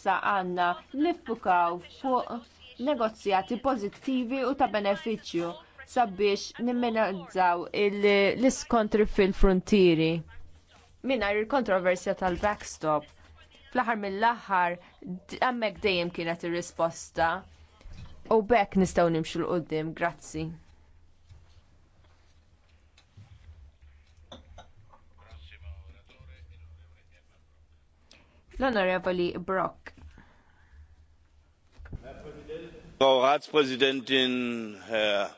issa għandna niffukaw fuq negozjati pożittivi u ta' benefiċċju sabiex nimmenazzaw l-iskontri fil-frontieri. Minna il-kontroversja tal-backstop. Fl-aħħar mill-aħħar hemmhekk dejjem kienet ir-risposta. U bekk nistgħu nimxu l qoddim grazzi. l-Onorevoli Brock. Frau Ratspräsidentin, Herr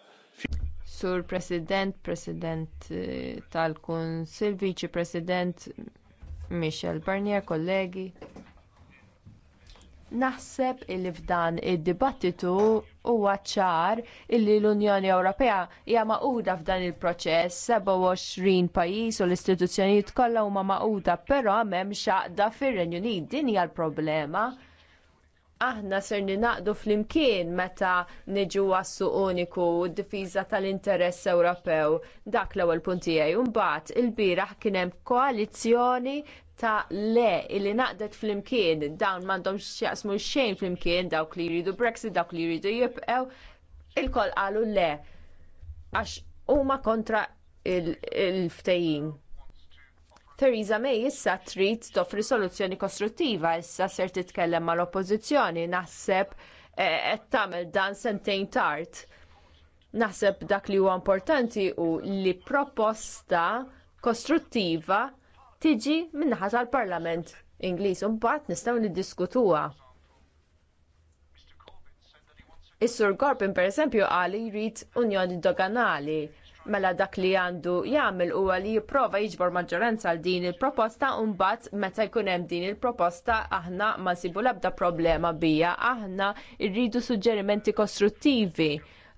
Sur President, President eh, tal-Kunsil, Vice President Michel Barnier, kollegi. Naħseb illi f'dan id-dibattitu huwa ċar illi l-Unjoni Ewropea hija maquda f'dan il-proċess 27 pajjiż u l-istituzzjonijiet kollha huma maquda, però m'hemm xaqda fir-Renju Unit din hija l-problema aħna ser ninaqdu flimkien meta niġu għassu uniku u d-difiża tal-interess Ewropew. Dak l-ewwel puntijaj. Mbagħad il-bieraħ kien hemm koalizzjoni ta' le illi naqdet flimkien dawn m'għandhomx x'jaqsmu xejn flimkien dawk li jridu Brexit, dawk li jridu jibqew. Il-kol qalu le għax huma kontra il-ftejjin. Theresa May issa trid toffri soluzzjoni kostruttiva, issa ser titkellem mal-oppożizzjoni, naħseb eh, qed tagħmel dan sentejn tard. Naħseb dak li huwa importanti hu li proposta kostruttiva tiġi min-naħa tal-Parlament Ingliż u mbagħad nistgħu niddiskutuha. Is-Sur per pereżempju għali jrid unjoni doganali mela dak li għandu jagħmel huwa li jipprova jiġbor maġġoranza għal din il-proposta u mbagħad meta jkun hemm din il-proposta aħna ma nsibu l-ebda problema bija, aħna rridu suġġerimenti kostruttivi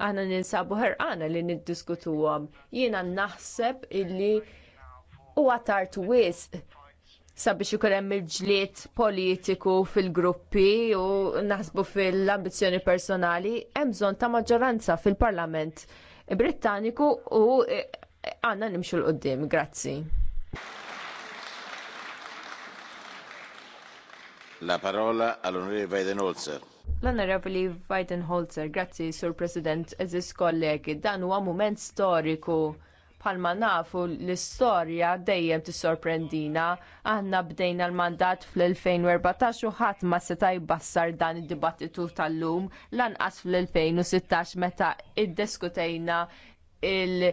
aħna ninsabu ħerqana li niddiskutuhom. Jiena naħseb illi huwa tard wisq sabiex ikun hemm il-ġlied politiku fil-gruppi u naħsbu fil-ambizzjoni personali, hemm bżonn ta' maġġoranza fil-Parlament Brittaniku u e, għanna nimxu l-qoddim. Grazzi. La parola all'onorevole Weidenholzer. l Weidenholzer, grazzi, Sur President, eżis kollegi, dan huwa mument storiku Palma nafu l-istorja dejjem tissorprendina. Aħna bdejna l-mandat fl-2014 u ħadd ma seta' jbassar dan id-dibattitu tal-lum lanqas fl-2016 meta iddiskutejna il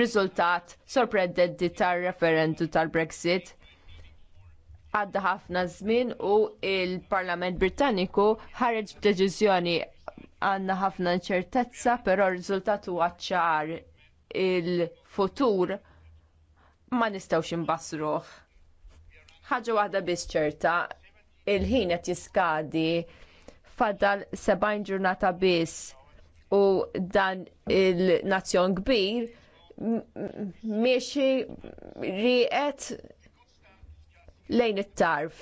riżultat sorprendenti tar-referendu tal-Brexit għadda ħafna żmien u l parlament Britanniku ħareġ b'deċiżjoni għandna ħafna inċertezza, però r-riżultat huwa ċar il-futur ma nistgħux imbassruh. Ħaġa waħda biss ċerta, il-ħin qed jiskadi fadal 70 ġurnata biss u dan il-nazzjon kbir miexi riqet lejn it-tarf.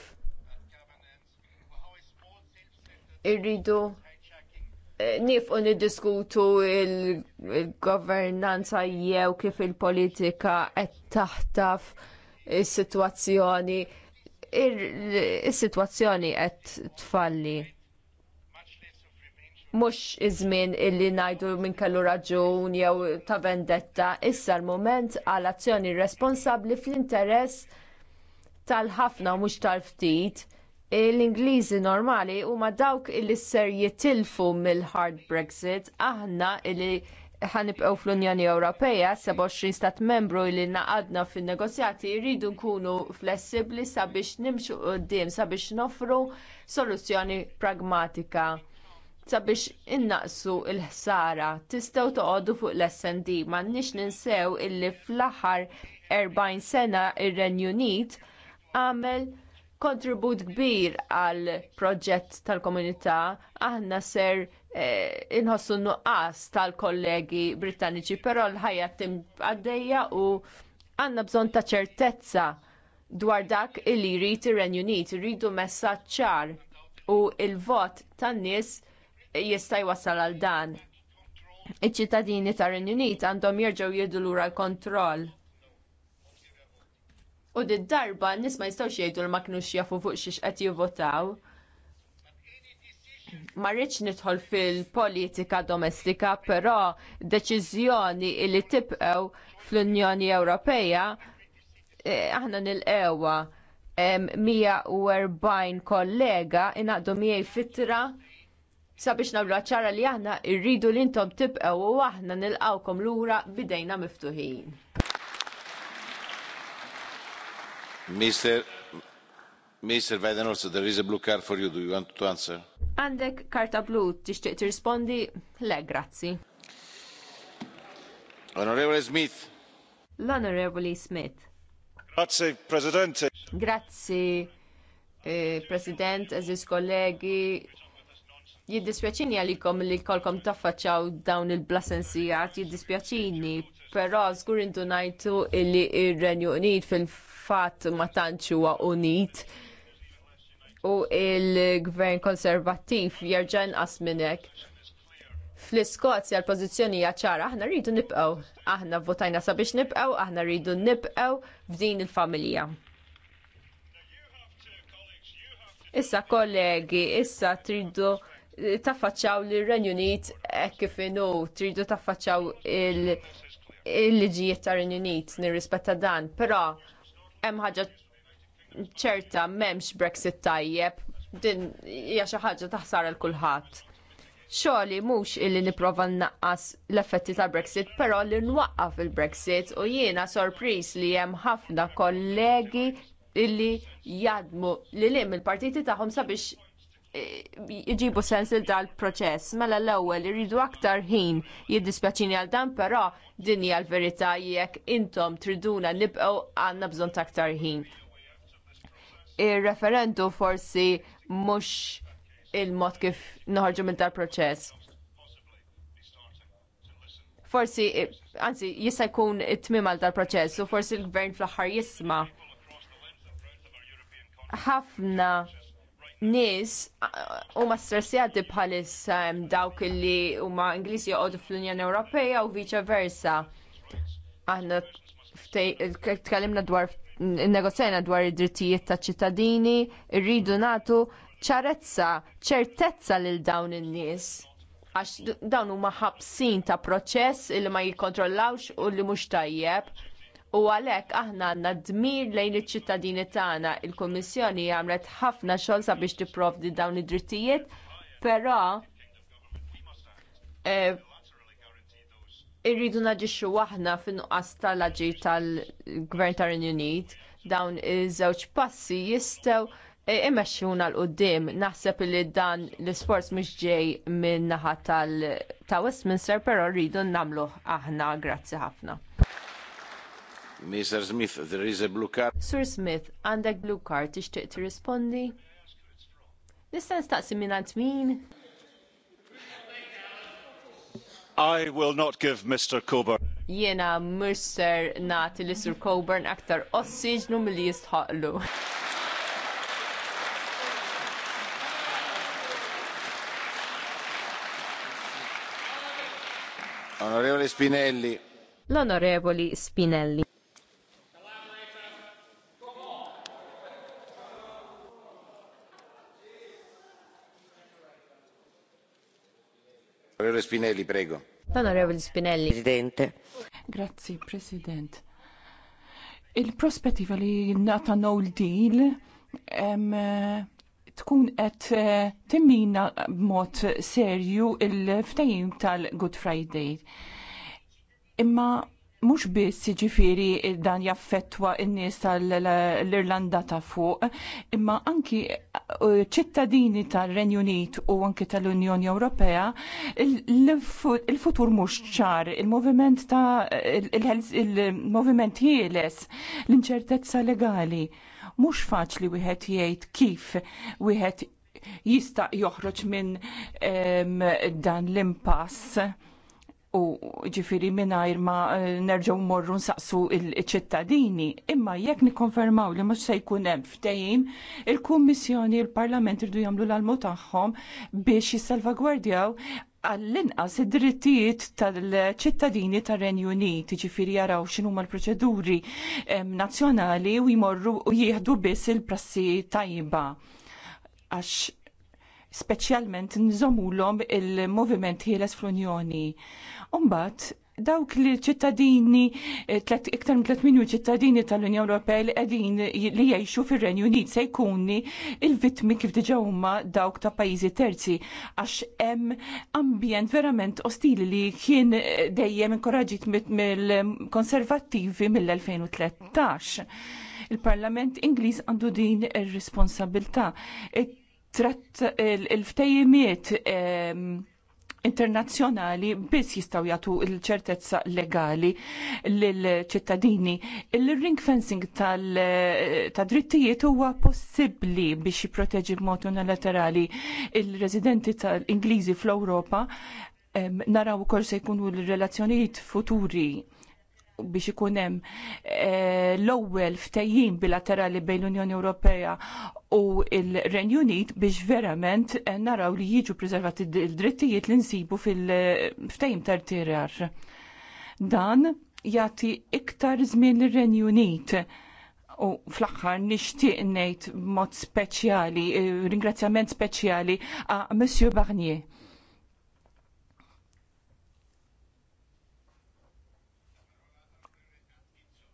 Irridu nifqu niddiskutu il-governanza jew kif il-politika qed taħtaf is-sitwazzjoni is-sitwazzjoni qed tfalli. Mhux iż-żmien illi ngħidu minn kellu raġun jew ta' vendetta, issa l-mument għal azzjoni responsabbli fl-interess tal-ħafna mhux tal-ftit l-Ingliżi normali huma dawk illi ser jitilfu mill-hard Brexit aħna illi ħanibqew fl-Unjoni Ewropea 27 stat membru li naqadna fin-negozjati jridu nkunu flessibbli sabiex nimxu qudiem sabiex nofru soluzzjoni pragmatika sabiex innaqsu l-ħsara tistgħu toqgħodu fuq l-SND m'għandniex ninsew illi fl-aħħar 40 sena ir-Renju Unit għamel kontribut kbir għal proġett tal-komunità, aħna ser eh, inħossu nuqqas tal-kollegi Britanniċi, però l-ħajja tim għaddejja u għandna bżonn ta' ċertezza dwar dak illi jrid ir-Renju Unit, irridu ċar u l vot tan-nies jista' jwassal għal dan. Iċ-ċittadini tar-Renju Unit għandhom jerġgħu jiedu lura l-kontroll U did darba nis ma jistgħux jgħidu l ma kinux jafu fuq xiex qed jivvotaw. Ma rridx nidħol fil-politika domestika, però deċiżjoni li tibqgħu fl-Unjoni Ewropea eh, aħna nil-ewa 140 kollega inaqdu miej fitra sabiex nagħmlu ċara li aħna rridu li intom tibqgħu u aħna l lura bidejna miftuħin. Mr. Mr. Weidenholzer, there is a blue card for you. Do you want to answer? Għandek karta blu, tixtieq tirrispondi? Le, grazzi. Onorevole Smith. l Smith. Grazie, Presidente. Grazzi, eh, President, eżis kollegi. Jiddispjaċini għalikom li kolkom taffaċċaw dawn il-blasensijat, jiddispjaċini, però żgur intu ngħidu illi ir-Renju Unit fil-fatt ma tantx huwa unit u il-gvern konservattiv jerġa' inqas minn hekk. Fl-Iskozja l-pożizzjoni hija ċara, aħna rridu nibqgħu. Aħna votajna sabiex nibqgħu, aħna rridu nibqgħu f'din il-familja. Issa kollegi, issa tridu taffaċċaw l-Renju Unit hekk kif inhu tridu taffaċċaw il- il-liġijiet tar Unit nirrispetta dan, però hemm ħaġa ċerta m'hemmx Brexit tajjeb, din hija xi ħaġa taħsar l kulħadd. Xoli mhux illi nipprova nnaqqas l-effetti ta' brexit però li nwaqqaf il-Brexit u jiena sorpris li hemm ħafna kollegi illi jadmu li lim il-partiti tagħhom sabiex jġibu sens il dal proċess mela l-ewwel iridu aktar ħin jiddispjaċini għal dan però din hija l-verità jekk intom triduna nibqgħu għandna bżonn ta' aktar ħin. Ir-referendum forsi mhux il-mod kif noħorġu minn dal-proċess. Forsi, anzi, jista' jkun it-tmim għal dal-proċess u forsi l-gvern fl-aħħar jisma' ħafna nies uh, huma stressjati bħalis hemm dawk illi huma Ingliżi joqogħdu fl-Unjoni Ewropea u viċa versa. Aħna tkallimna dwar negozjajna dwar id-drittijiet ta' ċittadini, rridu nagħtu ċarezza, ċertezza lil dawn in-nies għax dawn huma ħabsin ta' proċess li ma jikkontrollawx u li mhux tajjeb. U għalhekk aħna għandna dmir lejn iċ-ċittadini tagħna. Il-Kummissjoni għamlet ħafna xogħol sabiex tipprovdi dawn id-drittijiet, però eh, irridu naġixxu aħna fin-nuqqas tal-aġi tal-Gvern ta' renju Unit dawn iż-żewġ passi jistgħu eh, immexxuna l-qoddim, naħseb li dan l-isforz mhux ġej minn naħa tal ta' Westminster, però rridu nagħmluh aħna, grazzi ħafna. Mr. Smith, there is a blue card. Sir Smith, għandek blue card, tixtieq tirrispondi? Nista' nistaqsi minn għand min? I will not give Mr. Coburn. Jiena Mr. Nati li Sir Coburn aktar ossiġnu milli jistħaqlu. Onorevoli Spinelli. L-Onorevoli Spinelli. Spinelli, prego. Onorevoli Spinelli. Presidente. Grazie, President. Il-prospettiva li nata no deal em, tkun qed eh, timmina b'mod serju il ftajim tal-Good Friday. Imma mhux biss ġifiri dan jaffettwa n-nies tal-Irlanda ta' fuq, imma anki uh, ċittadini tal-Renju Unit u anki tal-Unjoni Ewropea il-futur mhux ċar, il-moviment ta' il-moviment l-inċertezza legali. Mhux faċli wieħed jgħid kif wieħed jista' joħroġ minn dan l-impass u ġifiri minajr ma eh, nerġaw morru nsaqsu il-ċittadini. Imma jekk nikonfermaw li mux se jkun hemm ftehim, il-Kummissjoni il-Parlament irdu jagħmlu l-almu tagħhom biex jissalvagwardjaw għall-inqas id-drittijiet tal-ċittadini tar-Renju Unit, ġifiri jaraw x'inhu l-proċeduri eh, nazzjonali u jmorru u jieħdu biss il-prassi tajba. Għax speċjalment nżomulhom il-moviment ħieles fl-Unjoni. Umbat, dawk li ċittadini, eh, iktar minn 300 ċittadini tal unjoni Ewropea li qegħdin li jgħixu fir-Renju Unit se jkunu il-vittmi kif diġà huma dawk ta' pajjiżi terzi għax hemm ambjent verament ostili li kien eh, dejjem inkoraġit mill-konservattivi mill-2013. Il-Parlament Ingliż għandu din ir-responsabilità il-ftejimiet ehm, internazzjonali biss jistaw jagħtu l-ċertezza legali lill-ċittadini. Il-ring fencing tal drittijiet huwa possibbli biex jipproteġi b'mod unilaterali il-residenti tal-Ingliżi fl-Ewropa ehm, naraw ukoll se jkunu l-relazzjonijiet futuri biex ikun hemm eh, l-ewwel ftehim bilaterali bejn l-Unjoni Ewropea u l-Renju Unit biex verament eh, naraw li jiġu preservati d-drittijiet li nsibu fil-ftehim tar Dan jagħti iktar żmien l renju Unit u fl-axħar nixtieq ngħid mod speċjali, eh, ringrazzjament speċjali a' Monsieur Barnier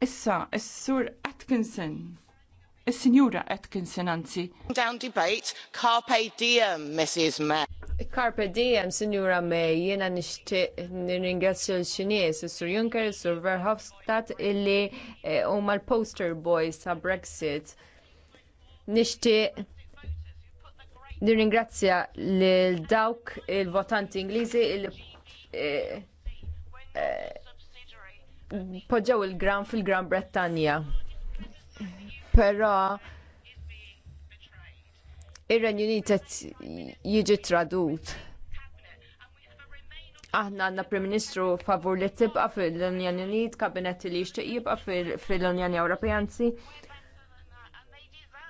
Issa, is-sur Atkinson. Is-Sinjura Atkinson anzi. Down debate, carpe diem, Mrs. May. Carpe diem, Sinjura May, jiena nixtieq nirringrazzja l-Ċinies, is-Sur Juncker, is-Sur Verhofstadt illi eh, huma l-poster boys ta' Brexit. Nixtieq nirringrazzja lil dawk il-votanti Ingliżi illi eh, eh, poġġew il-gran fil-Gran Bretanja. Però ir-Renju Unit qed jiġi tradut. Aħna għandna Prim Ministru favur li tibqa' fil-Unjoni Unit, kabinetti li jixtieq jibqa' fil-Unjoni Ewropea anzi.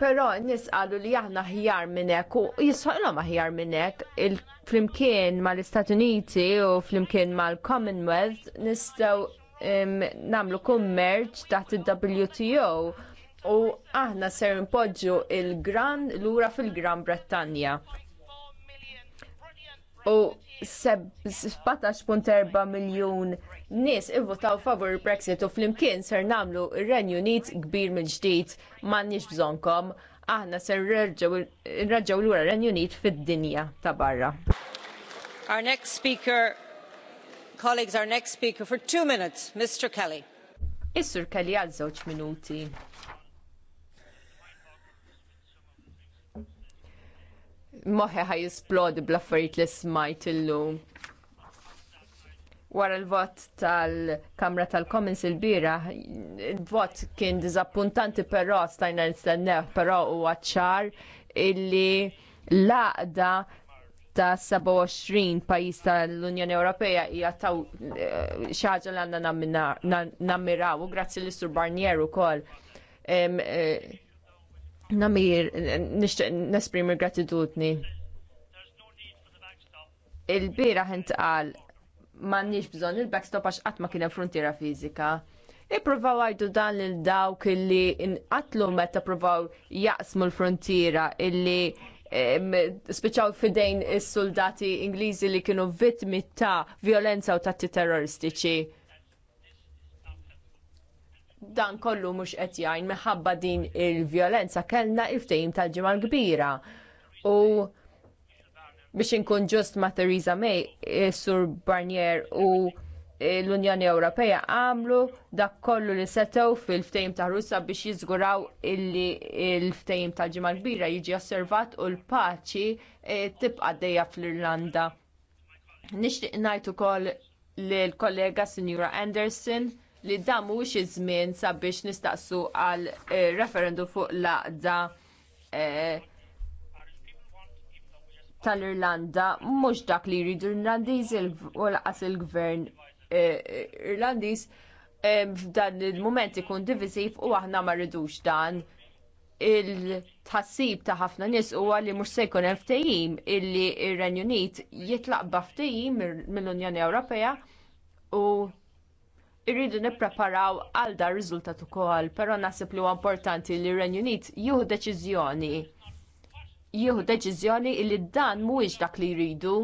Però n-nies qalu li aħna ħjar minn hekk u jisħolhom aħjar minn hekk flimkien mal-Istati Uniti u flimkien mal-Commonwealth nistgħu namlu kummerġ taħt il-WTO u aħna ser npoġġu il-Gran lura fil-Gran Brittanja. U 17.4 miljun nies ivvotaw favur Brexit u flimkien ser namlu ir-Renju Unit kbir mill-ġdid m'għandniex bżonkom aħna ser nraġaw lura ir-Renju Unit fid-dinja ta' barra. Our next speaker colleagues, our next speaker for two minutes, Mr. Kelly. Is-Sur Kelly għal żewġ minuti. Moħħi ħaj jisplodi bl-affarijiet li smajt illum. Wara l-vot tal-Kamra tal-Commons il-bira, il-vot kien diżappuntanti però stajna nistennew, però huwa għacċar illi laqda ta' 27 pajjiż tal-Unjoni Ewropea hija taw eh, xi ħaġa li għandna nammiraw u grazzi l istur Barnier ukoll. Eh, namir, nixtieq nesprimi gratitudni. Il-bira ħintqal m'għandniex bżonn il-backstop għax qatt ma kien hemm frontiera fiżika. Ippruvaw għajdu dan lil dawk illi inqatlu meta provaw jaqsmu l-frontiera illi spiċaw fidejn is-soldati Ingliżi li kienu vittmi ta' violenza u tatti terroristiċi. Dan kollu mhux qed jgħin minħabba din il-vjolenza kellna il-ftehim tal-ġimgħa kbira. U biex inkun ġust ma' Theresa May, eh, Sur Barnier u l-Unjoni Ewropea għamlu dak kollu li setgħu fil-ftejm ta' Russa biex jiżguraw illi l-ftejm tal ġimgħa kbira jiġi osservat u l-paċi eh, tibqa' dejja fl-Irlanda. Nixtieq ngħid ukoll lill kollega Sinjura Anderson li dan mhuwiex iż-żmien sabiex nistaqsu għal eh, referendum fuq l aqda eh, tal-Irlanda mhux dak li jridu l-Irlandiż u laqas il-gvern Irlandiż f'dan il-moment ikun divisiv u aħna ma rridux dan il-tħassib ta' ħafna nies huwa li mhux se jkun hemm ftehim illi r-Renju Unit jitlaqba ftehim mill-Unjoni Ewropea u irridu nippreparaw għal dar riżultat ukoll, però naħseb li huwa importanti li r-Renju Unit jieħu deċiżjoni jieħu deċiżjoni li dan mhuwiex dak li jridu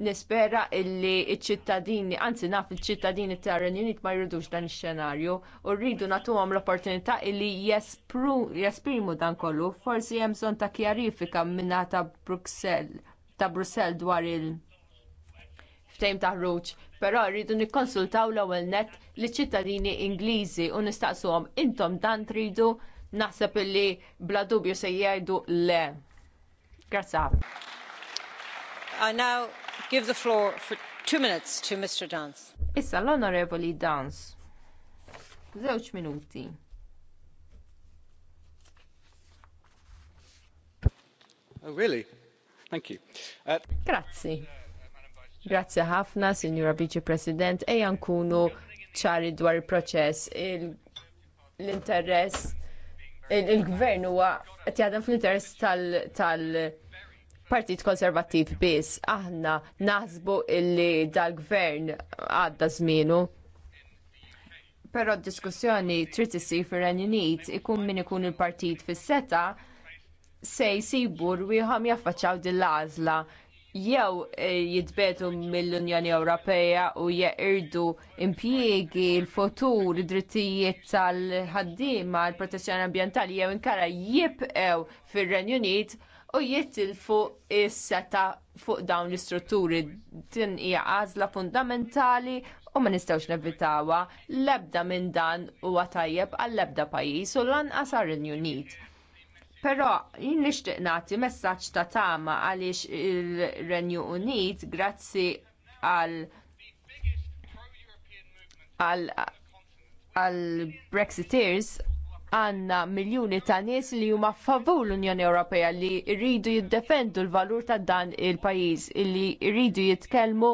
nispera illi iċ-ċittadini, anzi naf il ċittadini ta' Renjunit ma jridux dan ix-xenarju u rridu nagħtuhom l-opportunità illi jesprimu dan kollu. Forsi hemm bżonn ta' kjarifika minna ta' Bruxelles ta' Bruxelles dwar il ftejm ta' ħruġ, però rridu nikkonsultaw l-ewwel net li ċittadini Ingliżi u nistaqsuhom intom dan tridu naħseb illi bla dubju se jgħidu le. Grazie. I now Issa l-Onorevoli Dance. Żewġ minuti. Oh, really? Thank you. Uh... Grazzi. Grazzi ħafna, Signora Vice President. Ejja nkunu ċari dwar il-proċess. L-interess, il-gvern huwa qed fl-interess tal-, tal partit konservattiv biss. Aħna naħsbu illi dal-gvern għadda żminu. Però d-diskussjoni trid isir fir-Renju Unit ikun min ikun il-partit fis-seta se jsibu rwieħhom jaffaċċaw din l-għażla jew eh, jitbetu mill-Unjoni Ewropea u jeqirdu impjiegi l-futur, id-drittijiet tal-ħaddiema, l-protezzjoni ambjentali jew inkara jibqew fir-Renju Unit u fuq is-seta fuq dawn l-istrutturi din hija għażla fundamentali u ma nistgħux nevitawha l-ebda minn dan huwa tajjeb għall-ebda pajjiż u lanqas għar-Renju Unit. Però jien nixtieq nagħti messaġġ ta' tama għaliex il-Renju Unit grazzi għal għal għal Brexiteers għanna miljuni ta' nies li huma favur l-Unjoni Ewropea li rridu jiddefendu l-valur ta' dan il-pajjiż, li rridu jitkellmu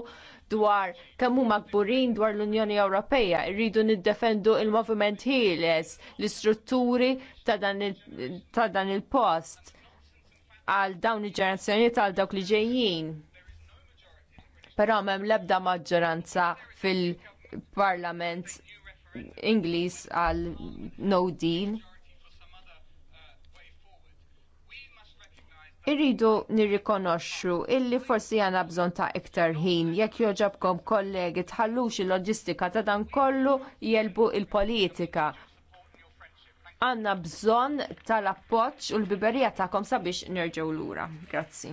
dwar kemm huma kburin dwar l-Unjoni Ewropea, rridu niddefendu l moviment Ħieles, l-istrutturi ta' dan il-post għal dawn il-ġenerazzjonijiet għal dawk li ġejjin. Però m'hemm l-ebda maġġoranza fil-Parlament Inglis għal no deal. Irridu nirrikonoxxu illi forsi għana bżon ta' iktar ħin jekk joġabkom kollegi tħallux il-loġistika ta' dan kollu jelbu il politika Għanna bżon tal appoċ u l-biberija ta' kom sabiex nerġaw l-ura. Grazzi.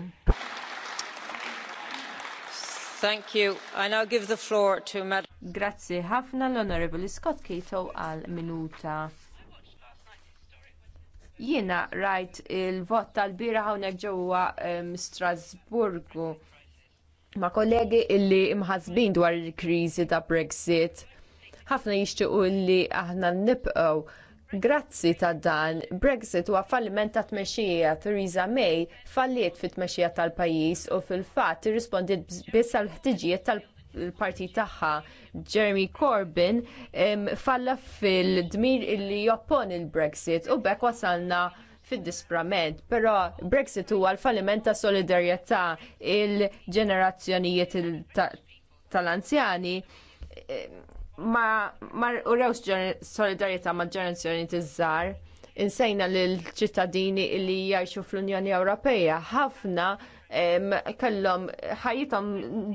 Thank you. I now give the floor to Madam. Grazzi ħafna l-Onorevoli Scott Cato għal minuta. Jiena rajt il-vot tal-bira hawnhekk ġewwa ehm, Strasburgu ma' kollegi illi imħazbin dwar il-kriżi ta' Brexit. Ħafna jixtiequ illi aħna nibqgħu Grazzi ta' dan, Brexit huwa falliment ta' tmexxija Theresa May falliet fit-tmexxija tal-pajjiż u fil-fatt irrispondiet biss għal ħtiġijiet tal-partit tagħha. Jeremy Corbyn falla fil-dmir illi joppon il-Brexit u bekk wasalna fid-disprament, però Brexit huwa l-falliment ta' solidarjetà il-ġenerazzjonijiet tal-anzjani ma ma urewx solidarjetà ma' ġenerazzjoni tiżar insejna lil ċittadini li jgħixu fl-Unjoni Ewropea ħafna kellhom ħajjithom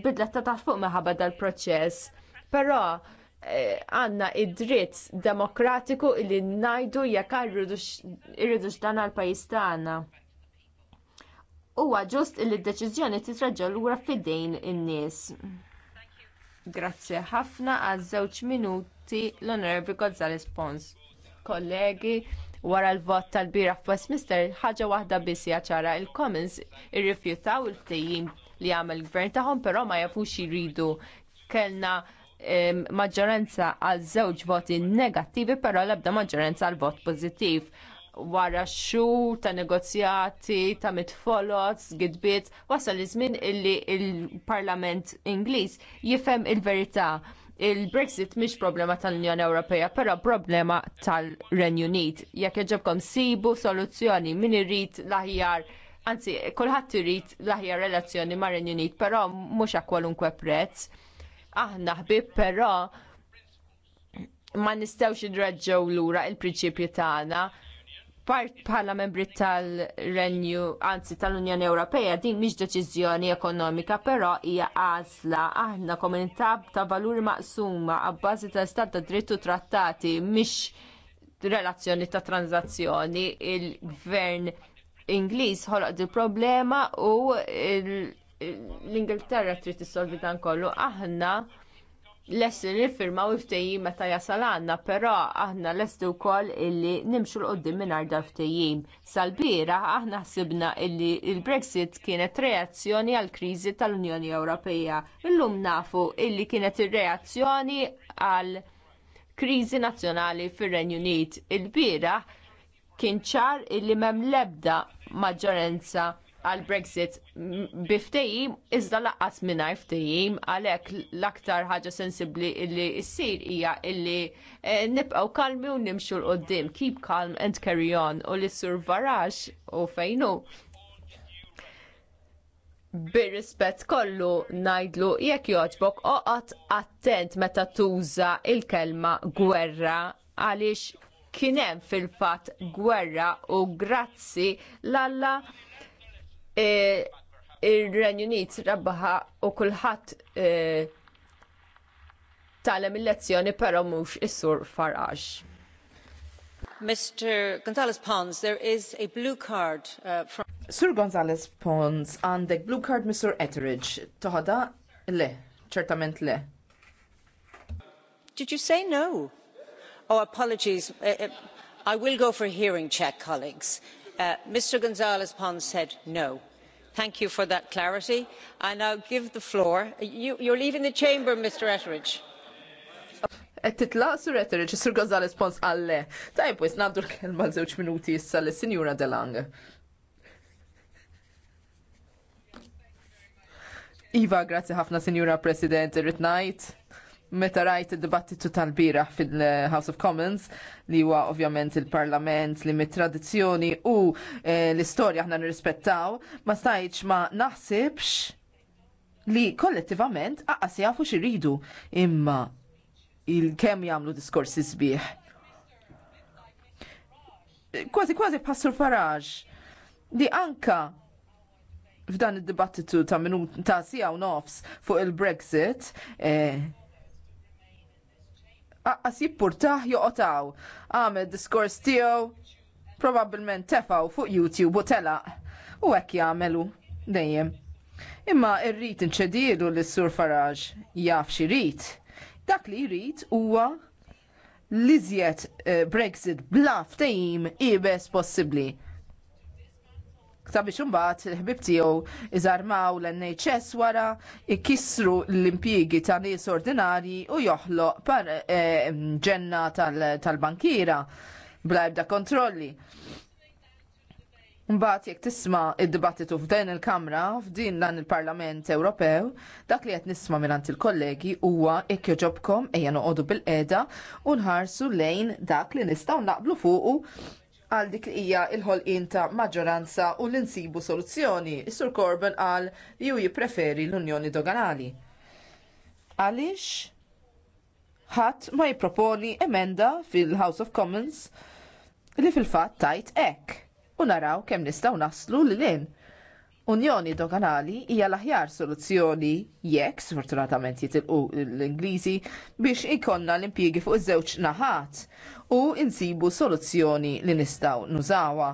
bidlet ta' taħt fuq meħabba dal-proċess. Però eh, għandna id-dritt demokratiku li ngħidu jekk irridu x'dan għall-pajjiż tagħna. Huwa ġust li d-deċiżjoni titraġġel lura fidejn in-nies. Grazzi ħafna għal żewġ minuti l-Onorevoli Gonzalez Pons. Kollegi, wara l-vot tal-bira f'Westminster, ħaġa waħda biss hija ċara il-Commons irrifjutaw il-ftehim li għamel gvern tagħhom però ma jafux jridu. Kellna maġġoranza għal żewġ voti negattivi però l-ebda maġġoranza għal vot pożittiv wara xhur ta' negozjati, ta' mitfolots, gidbiet, wasal iż-żmien illi il-Parlament Ingliż jifhem il-verità. Il-Brexit mhix problema tal-Unjoni Ewropea, però problema tal-Renju Unit. Jekk iġobkom sibu soluzzjoni min irid l-aħjar Anzi, kulħadd irid l-aħjar relazzjoni mar Renju Unit, però mhux a kwalunkwe prezz. Aħna ħbib però ma nistgħux idreġġew lura il-prinċipji tagħna part bħala membri tal-Renju, anzi tal-Unjoni Ewropea, din mhix deċiżjoni ekonomika, però hija għażla aħna komunità ta' valuri maqsuma għabbażi ta' stat ta' drittu trattati mhix relazzjoni ta' tranzazzjoni il-gvern Ingliż ħoloq di problema u l-Ingilterra trid tissolvi dan kollu aħna lesti nifirma u ftejjim meta jasal għanna, però aħna lesti wkoll illi nimxu l-qoddim minn arda ftejjim. Salbira aħna ħsibna illi il brexit kienet reazzjoni għall kriżi tal-Unjoni Ewropea. Illum nafu illi kienet ir-reazzjoni għal kriżi nazzjonali fir-Renju Unit. Il-bira kien ċar illi m'hemm l-ebda għal Brexit biftejim iżda laqqas mingħajr ftejim, għalhekk l-aktar ħaġa sensibbli li ssir hija illi eh, nibqgħu kalmi u nimxu l qoddim keep calm and carry on u li sur varax u fejnu bir-rispett kollu ngħidlu jekk jogħġbok oqgħod attent meta tuża l kelma gwerra għaliex kien hemm fil-fatt gwerra u grazzi l-Alla E, il-Renjuniet rabbaħa u kulħadd e, talem il-lezzjoni pero mux is-sur Farage. Mr. Gonzalez Pons, there is a blue card uh, from Sur Gonzalez Pons, and the blue card Mr. Etheridge. Tohada? Le, Certament le. Did you say no? Oh, apologies. Uh, uh, I will go for a hearing check, colleagues. Uh, mr gonzlez pons said no. thank you for that clarity. i now give the floor you, you're leaving the chamber mr etheridge. Qed titlaq sur Etheridge, sur gonzlez Pons qal le. Tajb, wis ngħaddu l-kelma żewġ minuti issa lis sinjura de Delang. Iva, grazzi ħafna, Sinjura President, irrit ngħid meta rajt id-dibattitu tal-bira fil-House of Commons li huwa ovvjament il-Parlament li mit-tradizzjoni u eh, l-istorja aħna nirrispettaw, ma stajtx ma naħsibx li kollettivament aqqas jafu xiridu imma il-kem jamlu diskorsi sbieħ. Kważi kważi passur faraġ li anka f'dan id-dibattitu ta' minut ta' sija u nofs fuq il-Brexit, eh, aqqas jippurtaħ joqotaw. Għamel diskors tiegħu probabbilment tefaw fuq YouTube u telaq. U hekk jagħmelu dejjem. Imma rrid inċedielu lis sur Faraġ jaf xi Dak li jrid huwa li żjed eh, Brexit bla ftehim ibes possibbli ta' biex imbagħad il-ħbib tiegħu iżarmaw l-NHS wara ikissru l-impjiegi ta' nies ordinarji u joħloq par eh, ġenna tal-bankira bla ebda kontrolli. Mbagħad jekk tisma' id-dibattitu f'din il-Kamra f'din dan il-Parlament Ewropew, dak li qed nisma' mingħand il-kollegi huwa jekk joġobkom ejja noqogħdu bil-qeda u nħarsu lejn dak li nistgħu naqblu fuqu għal dik li hija l-ħolqien ta' maġġoranza u l-insibu soluzzjoni. Is-Sur Corbyn qal li hu jippreferi l-Unjoni Doganali. Għaliex ħadd ma jipproponi emenda fil-House of Commons li fil-fatt tajt hekk u naraw kemm nistgħu naslu lil hinn Unjoni doganali hija l-aħjar soluzzjoni jekk sfortunatament jitilqu l-Ingliżi biex ikonna l-impjiegi fuq iż-żewġ naħat u insibu soluzzjoni li nistgħu nużawha.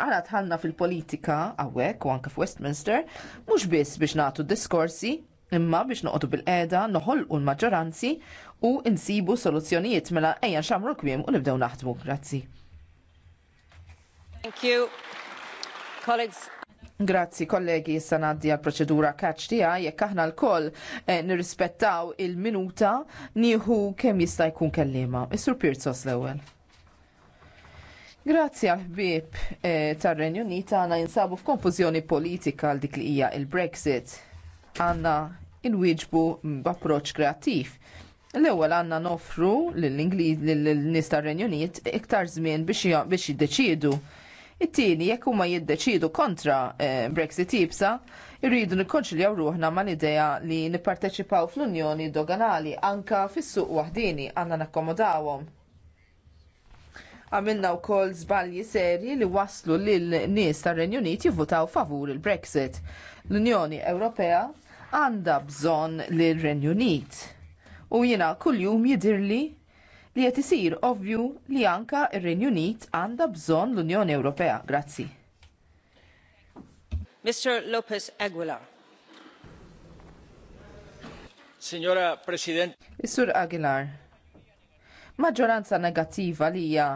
Għala tħallna fil-politika hawnhekk u anke f'Westminster mhux biss biex nagħtu diskorsi imma biex noqogħdu bil-qeda noħolqu l-maġġoranzi u insibu soluzzjonijiet mela ejja nxamru kwiem u nibdew naħdmu. Grazzi. Thank you. Colleagues, Grazzi kollegi, issa naddi għal proċedura kaċ tija, jekk aħna l-koll eh, nirrispettaw il-minuta nieħu kemm jista' jkun kellima. Is-Sur Pirzos l-ewwel. Grazzi għal ħbieb eh, tar-Renju Unita għandna jinsabu f'konfużjoni politika għal dik li hija il-Brexit. Għandna inwieġbu b'approċċ kreattiv. L-ewwel għandna nofru lill-Ingliż lill-nies tar-Renju Unit iktar żmien biex jiddeċiedu. It-tieni jekk huma jiddeċidu kontra eh, Brexit ibsa, irridu nikkonċiljaw ruħna ma l-idea li nipparteċipaw fl-Unjoni Doganali anka fis-suq waħdini għandna nakkomodawhom. Għamilna wkoll żbalji serji li waslu lil nies tar-Renju Unit jivvutaw favur il-Brexit. L-Unjoni Ewropea għandha bżonn lil renju Unit. U jiena kuljum jidhirli li qed isir ovvju li anka ir-Renju Unit għandha bżonn l-Unjoni Ewropea. Grazzi. Mr. Lopez Aguilar. Signora President. Is-Sur Aguilar. Maġġoranza negattiva li hija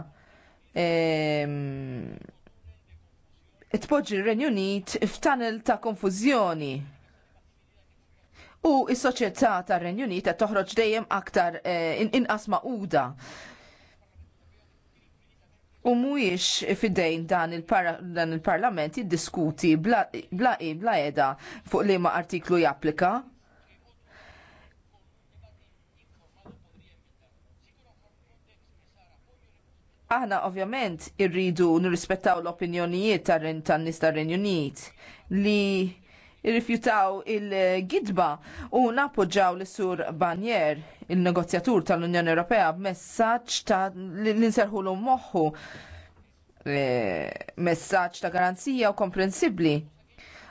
ehm, tpoġġi r-Renju Unit f'tanel ta' konfużjoni u s-soċjetà tar-Renju Unit qed toħroġ dejjem aktar eh, inqas maquda. U mhuwiex fidejn dan il-Parlament jiddiskuti bla bla qiegħda fuq liema artiklu japplika. Aħna ovvjament irridu nirrispettaw l-opinjonijiet tan-nies tar-Renju Unit li irrifjutaw il-gidba u napoġġaw l sur Banjer, il-negozjatur tal-Unjoni Ewropea, b'messaġġ ta' l-inserħulu moħħu e, messaġġ ta' garanzija u komprensibbli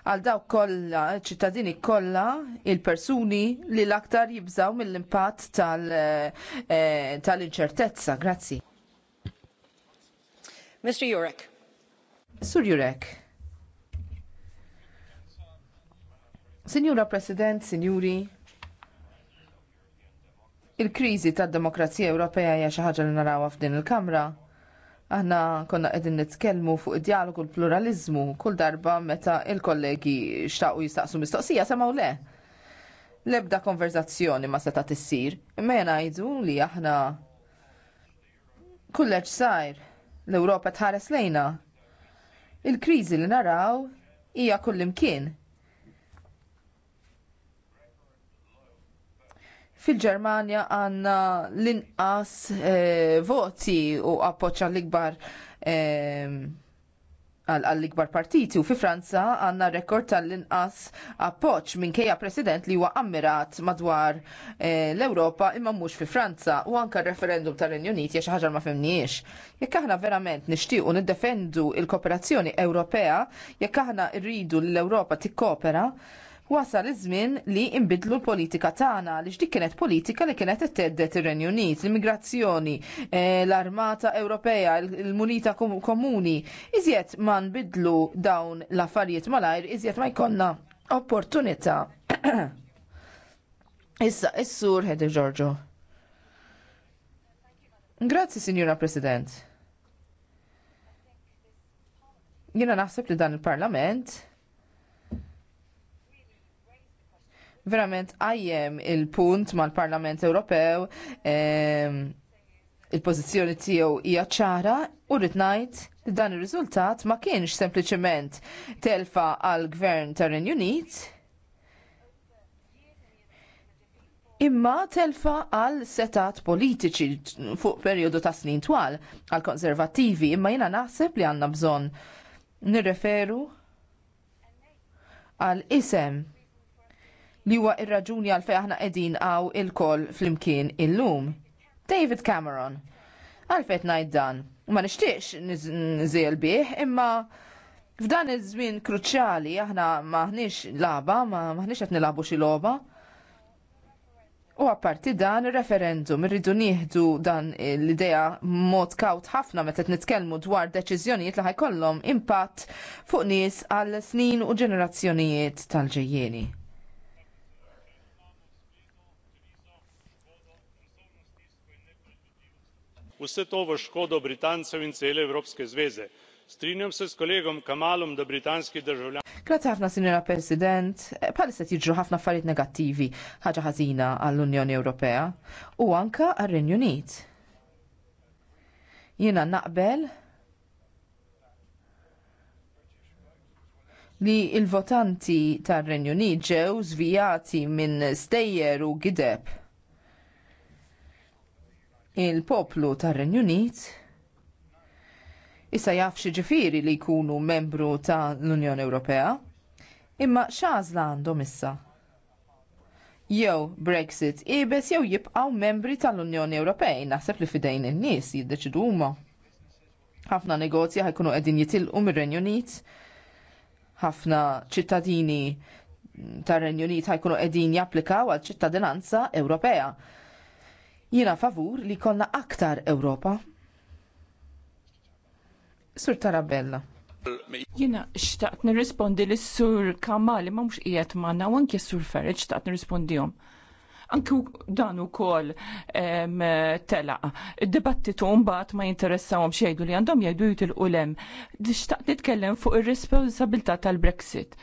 għal dawk kolla, ċittadini kollha il-persuni li l-aktar jibżaw mill-impatt e, tal-inċertezza. Tal Grazzi. Mr. Jurek. Sur Jurek. Sinjura President, Sinjuri, il-kriżi tad-demokrazija Ewropea hija xi ħaġa li narawha f'din il-Kamra. Aħna konna qegħdin nitkellmu fuq id-dialogu l-pluralizmu kull darba meta il-kollegi x'taqgħu jistaqsu mistoqsija semgħu le. L-ebda konverzazzjoni ma seta' tissir, imma jgħidu li aħna kulleġ sajr l-Ewropa tħares lejna. Il-kriżi li naraw hija kullimkien Fil-Ġermanja għanna l-inqas eh, voti u appoċċa l-ikbar eh, għall-ikbar partiti u fi Franza għanna rekord tal-inqas appoċ minkejja president li huwa ammirat madwar eh, l-Ewropa imma mhux fi Franza u anka referendum tal-Renju Uniti xi ħaġa ma femniex. Jekk aħna verament nixtiequ niddefendu l kooperazzjoni Ewropea, jekk aħna rridu l-Ewropa tikkopera, wasal iż-żmien li imbidlu l-politika tagħna li dik kienet politika li kienet itteddet ir-Renju Unit, l-immigrazzjoni, eh, l-Armata Ewropea, l-Munita Komuni. Iżjed ma nbidlu dawn l-affarijiet malajr, iżjed ma jkollna opportunità. Issa, is-sur Hede Giorgio. Grazzi, Signora President. Jiena naħseb li dan il-Parlament verament għajjem il-punt mal-Parlament Ewropew ehm, il-pozizjoni tiegħu hija ċara u rrid ngħid li dan ir-riżultat ma kienx sempliċement telfa għall gvern tar renju Unit imma telfa għal setat politiċi fuq perjodu ta' snin twal għal konservattivi imma jiena naħseb li għandna bżonn nirreferu għal isem li huwa ir-raġuni għal fejn aħna qegħdin għaw il flimkien illum. David Cameron. Għalfejn ngħid dan. Ma nixtiex niżel bih, imma f'dan iż-żmien kruċjali aħna maħniex laba, ma maħniex qed nilagħbu xi logħba. U apparti dan il-referendum irridu nieħdu dan l-idea mod kawt ħafna meta nitkellmu dwar deċiżjonijiet li ħajkollhom impatt fuq nies għal snin u ġenerazzjonijiet tal-ġejjieni. vse to v škodo britancev in cele evropske zveze. strinjam se s kolegom kamalom da britanski državljani. Grazie ħafna, Sinjora President. Eh, se tiġu ħafna affarijiet negattivi ħaġa ħażina għall-Unjoni Ewropea u anka għar-Renju Unit. Jiena naqbel li l votanti tar-Renju Unit ġew żvijati minn stejjer u gideb il-poplu tar-Renju Unit issa jaf ġifiri li jkunu membru ta' l-Unjoni Ewropea. Imma x'għażla għandhom issa? Jew Brexit ibes jew jibqgħu membri tal-Unjoni Ewropej naħseb li fidejn in-nies jiddeċidu huma. Ħafna negozja ħajkunu qegħdin jitilqu mir-Renju Unit, ħafna ċittadini tar-Renju Unit ħajkunu qegħdin japplikaw għal ċittadinanza Ewropea Jiena favur li konna aktar Ewropa. Sur Tarabella. Jiena xtaqt nirrispondi lis sur Kamali ma mhux qiegħed manna u anke sur Ferreġ xtaqt jom. Anke dan ukoll telaq. Id-dibattitu mbagħad ma jinteressawhom xejdu li għandhom jgħidu jitilqu ulem Xtaqt nitkellem fuq ir-responsabilità tal-Brexit.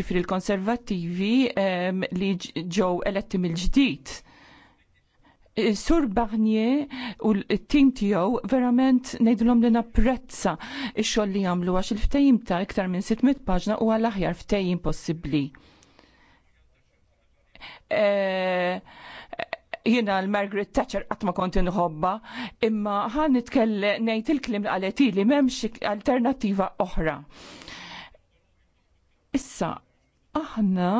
Ġifri l-Konservattivi li ġew eletti mill-ġdid Sur Barnier u l-tim tiegħu verament ngħidulhom li napprezza x xol li jamlu għax il ftajim ta' iktar minn 600 paġna u għal aħjar ftajim possibbli. E, jiena l-Margaret Thatcher qatt ma nħobba, imma ħan nitkelle ngħid il-klim qalet li memx alternattiva oħra. Issa aħna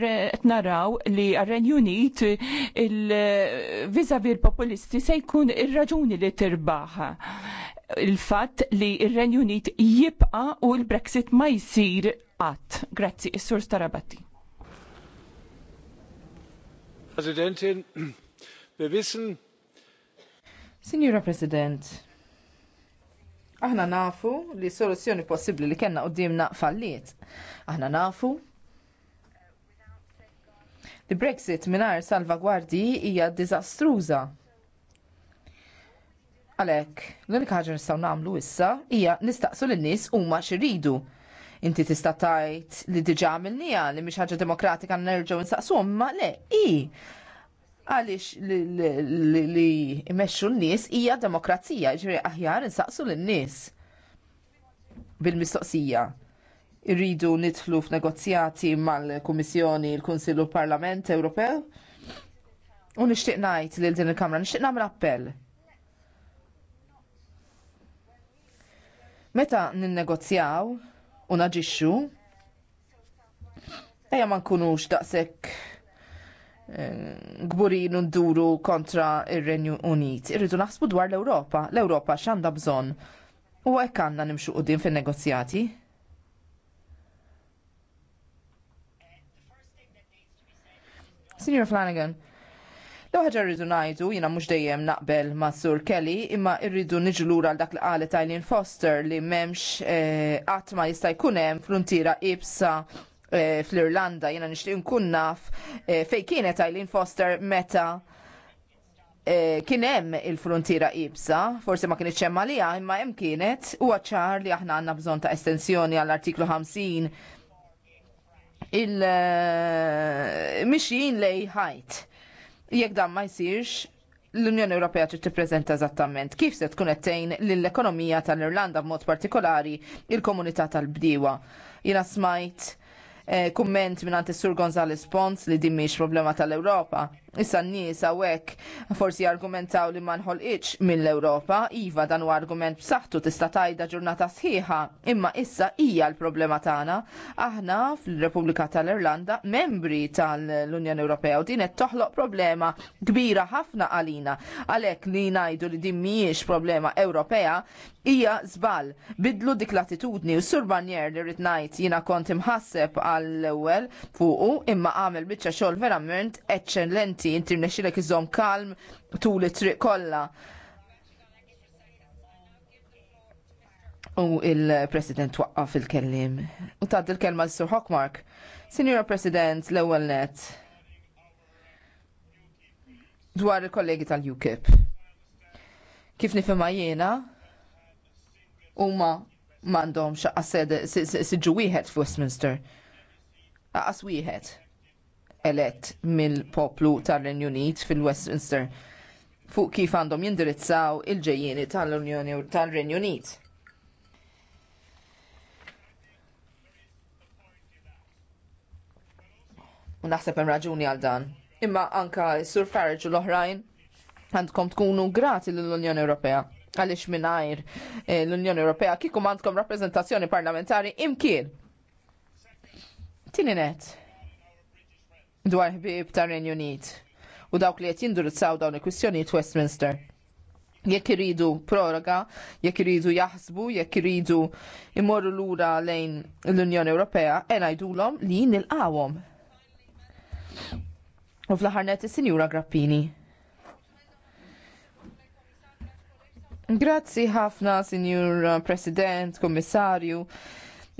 qed naraw li għar-Renju Unit il-viżavi l-populisti se jkun ir-raġuni li tirbaħ il-fatt li ir-Renju Unit jibqa u l-Brexit ma jsir qatt. Grazzi, is-Sur Starabatti. Presidentin, we wissen. Signora President, aħna nafu li soluzzjoni possibbli li kellna qudiemna falliet. Aħna nafu Di Brexit minar salvagwardi hija diżastruża. Għalhekk, l-unika ħaġa nistgħu nagħmlu issa hija nistaqsu lin-nies huma x'iridu. Inti tista' tgħid li diġà għamilniha li mhix ħaġa demokratika nerġgħu nsaqsuhom ma le i għaliex li jmexxu n-nies hija demokrazija, ġri aħjar insaqsu lin-nies bil-mistoqsija irridu nidħlu f'negozjati mal-Kummissjoni, l-Kunsill u l-Parlament Ewropew. U nixtieq ngħid lil din il-Kamra, nixtieq nagħmel appell. Meta ninnegozjaw u naġixxu, ejja ma nkunux daqshekk eh, gburin u nduru kontra r renju Unit. Irridu naħsbu dwar l-Ewropa, l-Ewropa x'għandha bżonn. U hekk għandna nimxu quddiem fin-negozjati. Signora Flanagan, l ħaġa rridu ngħidu jiena mhux dejjem naqbel ma' Sur Kelly, imma rridu niġu lura dak li qalet Eileen Foster li m'hemmx eh, qatt ma jista' jkun hemm ibsa eh, fl-Irlanda jiena nixtieq nkun naf eh, fejn kienet Eileen Foster meta kien hemm il-frontiera ibsa, forsi ma kienx hemm għalija, imma hemm kienet huwa ċar li aħna għandna bżonn ta' estensjoni għall-artiklu 50 il-mixjin eh, lej ħajt. Jekk dan ma jsirx, l-Unjoni Ewropea trid tippreżenta eżattament kif se tkun qed tgħin lill-ekonomija tal-Irlanda b'mod partikolari il-komunità tal-bdiewa. Jiena smajt eh, kumment minn is-Sur Gonzales Pons li din mhix problema tal-Ewropa. Issa n-nies hawnhekk forsi argumentaw li ma nħolqitx mill-Ewropa, iva dan huwa argument b'saħħtu tista' tajda ġurnata sħiħa, imma issa hija l-problema tagħna. Aħna fil-Repubblika tal-Irlanda membri tal-Unjoni Ewropea u din qed toħloq problema kbira ħafna għalina. Għalhekk li ngħidu li din mhijiex problema Ewropea hija żball. Bidlu dik l-attitudni u Sur banjer li rrid ngħid jiena kont imħasseb għall-ewwel fuqu imma għamel biċċa xogħol verament eċċellenti inti inti rnexxilek iżom kalm tul it-triq kollha. U il-President waqqaf il-kellim. U tad il-kelma l-Sur Hockmark. Sinjora President, l-ewwel net. Dwar il-kollegi tal-UKIP. Kif nifhimha jiena, huma m'għandhom xaqqa sed siġu wieħed f'Westminster. Aqas wieħed elett mill-poplu tal-Renju Unit fil-Westminster fuq kif għandhom jindirizzaw il-ġejjieni tal-Unjoni tal-Renju Unit. U naħseb hemm raġuni għal dan. Imma anka Sur Farage u l-oħrajn għandkom tkunu grati lill-Unjoni Ewropea għaliex mingħajr eh, l-Unjoni Ewropea kieku għandkom rappreżentazzjoni parlamentari imkien. Tini net, dwar ħbieb tar renju Unit u dawk li qed jindurizzaw dawn il-kwistjonijiet Westminster. Jekk iridu proroga, jekk iridu jaħsbu, jekk iridu imorru lura lejn l-Unjoni Ewropea, e ngħidulhom li nilqawhom. U fl-aħħar net is-Sinjura Grappini. Grazzi ħafna, Sinjur President, Kommissarju.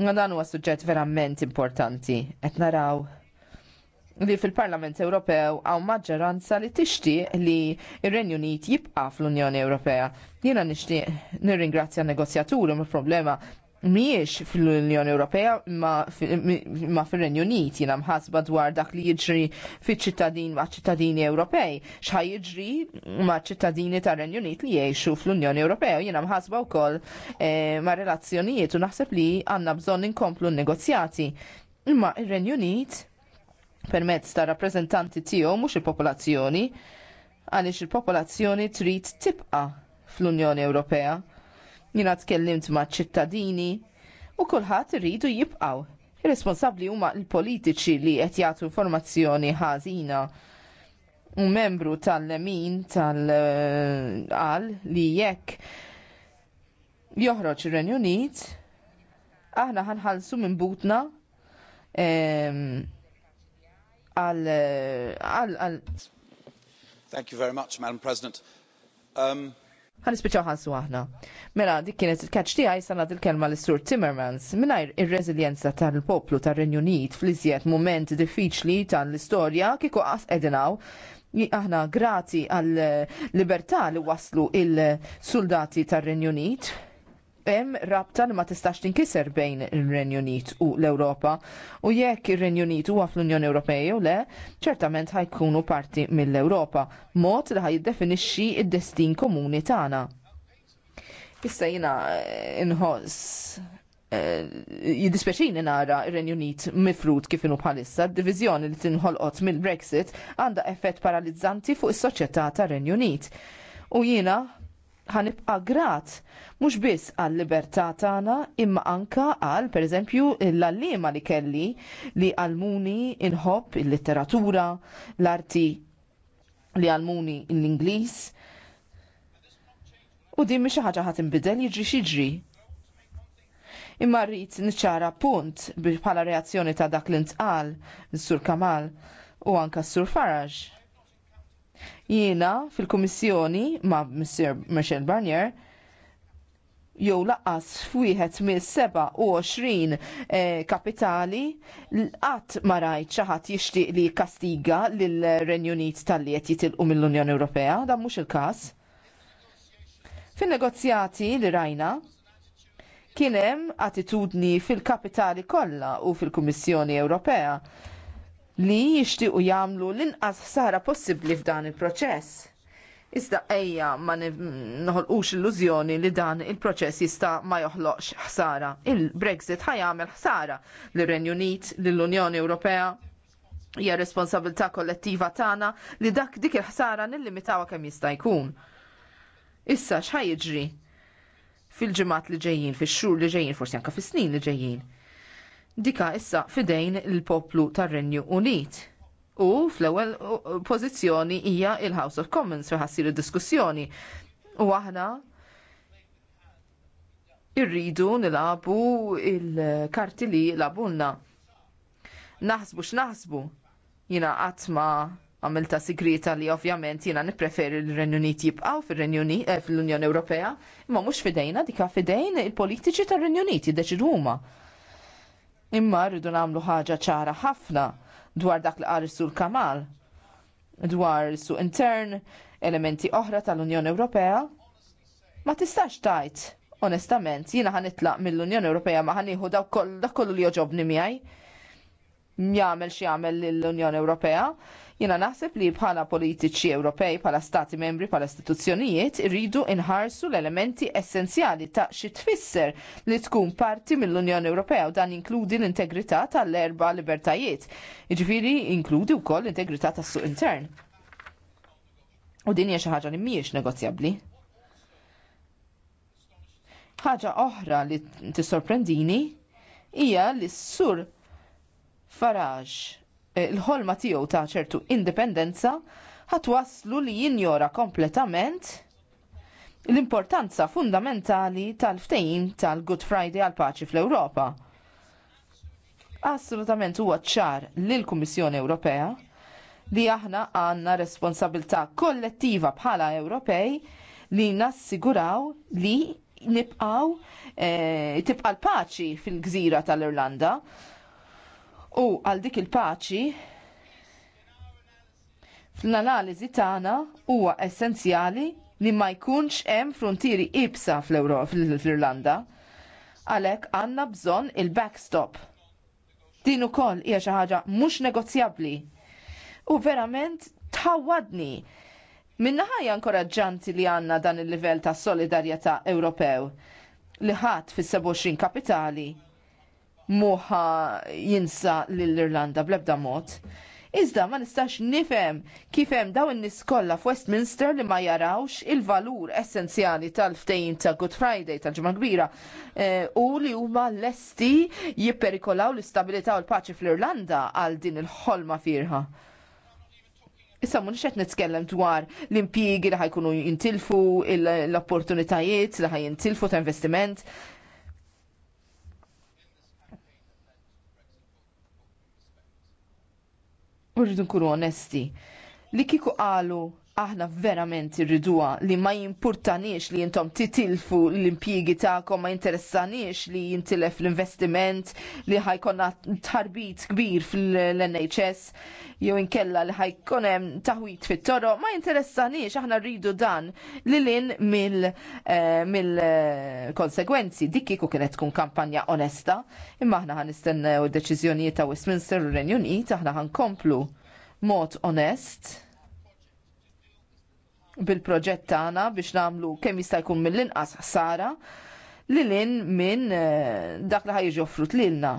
Dan huwa suġġett verament importanti. Qed naraw li fil-Parlament Ewropew għaw maġġoranza li tixtieq li ir-Renju Unit jibqa' fl-Unjoni Ewropea. Jiena nixtieq nirringrazzja n-negozjaturi mill-problema miex fl-Unjoni Ewropea ma fil-Renju Unit jiena mħasba dwar dak li jiġri fiċ-ċittadin ma' ċittadini Ewropej. X'ħaj jġri ma' ċittadini tar renju Unit li jgħixu fl-Unjoni Ewropea. Jiena mħasba wkoll eh, ma' relazzjonijiet u naħseb li għandna bżonn inkomplu n-negozjati. Imma ir-Renju Unit permezz ta' rappreżentanti tiegħu mhux il-popolazzjoni għaliex il-popolazzjoni trid tibqa' fl-Unjoni Ewropea. Jiena tkellimt ma' ċittadini u kulħadd iridu jibqgħu. Ir-responsabbli huma l-politiċi li qed jagħtu informazzjoni ħażina u membru tal-lemin tal għal li jekk joħroġ ir-Renju Unit aħna ħanħallsu minn butna Thank you very much, Madam President. Um... Għan ispiċaw ħansu għahna. Mela, dik kienet il-kaċ tiegħi sanad il-kelma l sur Timmermans mingħajr ir-reżiljenza tal-poplu tar-Renju Unit fl-iżjed mument diffiċli tal-istorja kieku qas edinaw aħna grati għal libertà li waslu il-soldati tar-Renju Unit hemm rabta li ma tistax tinkiser bejn ir-Renju Unit u l-Ewropa u jekk ir-Renju Unit huwa fl-Unjoni Ewropea u le, ċertament ħajkunu parti mill-Ewropa, mod li jiddefinixxi id-destin komuni tagħna. Issa jiena eh, inħoss eh, jiddispeċini nara ir-Renju Unit mifrut kif inhu bħalissa, d-diviżjoni li tinħolqot mill-Brexit għandha effett paralizzanti fuq is-soċjetà tar-Renju Unit. U jiena ħanibqa grat mhux biss għall libertà tagħna imma anka għal pereżempju l għalliema li kelli li għalmuni inħobb il-litteratura, l-arti li għalmuni l-Ingliż. U din mhix xi ħaġa ħadd inbidel jiġri xiġri. Imma rrid niċċara punt bħala reazzjoni ta' dak li ntqal, is-Sur Kamal u anka s-Sur Faraġ. Jiena fil-Kummissjoni ma' Mr. Michel Barnier jew laqas f'wieħed mis-27 eh, kapitali qatt ma rajt xi ħadd jixtieq li jikkastiga lill Renju Unit tal-li qed jitilqu mill-Unjoni Ewropea, dan mhux il-każ. Fin-negozjati li rajna kien hemm attitudni fil-kapitali kollha u fil-Kummissjoni Ewropea li jixtiequ jagħmlu l-inqas ħsara possibbli f'dan il-proċess. Iżda ejja ma noħolqux illużjoni li dan il-proċess jista' ma joħloqx ħsara. Il-Brexit ħajamel ħsara lir renju Unit, lill unjoni Ewropea. Hija responsabilità kollettiva tagħna li dak dik il-ħsara nillimitawha kemm jista' jkun. Issa x'ħaj jiġri fil-ġimgħat li ġejjin, fix-xhur li ġejjin, forsi anke fis-snin li ġejjin dika issa fidejn il-poplu tar-Renju Unit. U fl-ewwel pożizzjoni hija il-House of Commons fejn ħassir id-diskussjoni. U aħna irridu nilabu il-karti li labulna. Naħsbu x'naħsbu. Jina għatma għamilta sigrita li ovvjament jina nipreferi l-Renju Unit jibqaw fil-Unjoni eh, Ewropea, imma mux fidejna dika fidejn il-politiċi tal-Renju Unit jiddeċidu huma. Imma rridu nagħmlu ħaġa ċara ħafna dwar dak li qal sur Kamal dwar su intern, elementi oħra tal-Unjoni Ewropea. Ma tistax tajt, onestament, jiena ħanitlaq mill-Unjoni Ewropea ma ħanieħu dak kollu li joġobni miegħi jagħmel xi jagħmel l-Unjoni Ewropea Jena naħseb li bħala politiċi Ewropej, bħala stati membri, bħala istituzzjonijiet, rridu inħarsu l-elementi essenzjali ta' xi tfisser li tkun parti mill-Unjoni Ewropea u dan inkludi l-integrità tal-erba libertajiet. Iġviri inkludi wkoll l-integrità tas-suq intern. U din hija xi ħaġa li mhijiex negozjabbli ħaġa oħra li tissorprendini hija li s-sur Farage il-ħolma eh, tiegħu ta' ċertu indipendenza ħatwaslu li jinjora kompletament l-importanza fundamentali tal-ftehim tal-Good Friday għal paċi fl-Ewropa. Assolutament huwa ċar lill kummissjoni Ewropea li aħna għandna responsabilità kollettiva bħala Ewropej li nassiguraw li nibqaw e, eh, tibqa l-paċi fil-gżira tal-Irlanda U għal dik il-paċi fl-analiżi tagħna huwa essenzjali li ma jkunx hemm frontieri ibsa fl-Irlanda. Għalhekk għandna bżonn il-backstop. Din ukoll hija xi ħaġa mhux negozjabbli. U verament tħawadni Minnaħajja inkoraġġanti li għanna dan il-livell ta' solidarjetà Ewropew li ħadd fis-27 kapitali moħa jinsa lill-Irlanda bl-ebda mod. Iżda ma nistax nifhem kif hemm n in-nies kollha f'Westminster li ma jarawx il-valur essenzjali tal ftejn ta' Good Friday tal-ġimgħa kbira e, u li huma lesti jipperikolaw l-istabilità u l-paċi fl-Irlanda għal din il-ħolma firħa. Issa mu qed nitkellem dwar l-impjiegi li ħajkunu jintilfu, l-opportunitajiet li ħajintilfu ta' investiment, Burridu nkunu onesti. Li kiku qalu aħna verament irriduha li ma jimpurtanix li jintom titilfu l impjiegi tagħkom ma jinteressanix li jintilef l-investiment li ħajkonna tħarbit kbir fil-NHS jew inkella li ħajkon hemm taħwit fit-toro, ma jinteressanix aħna rridu dan li lin mill-konsegwenzi. Eh, eh, Dik kieku kienet tkun kampanja onesta, imma aħna ħan nistennew id-deċiżjonijiet ta' Westminster u Renju Unit aħna ħankomplu mod onest bil-proġett tagħna biex nagħmlu kemm jista' jkun mill-inqas ħsara lin minn eh, dak li ħajġi offrut lilna.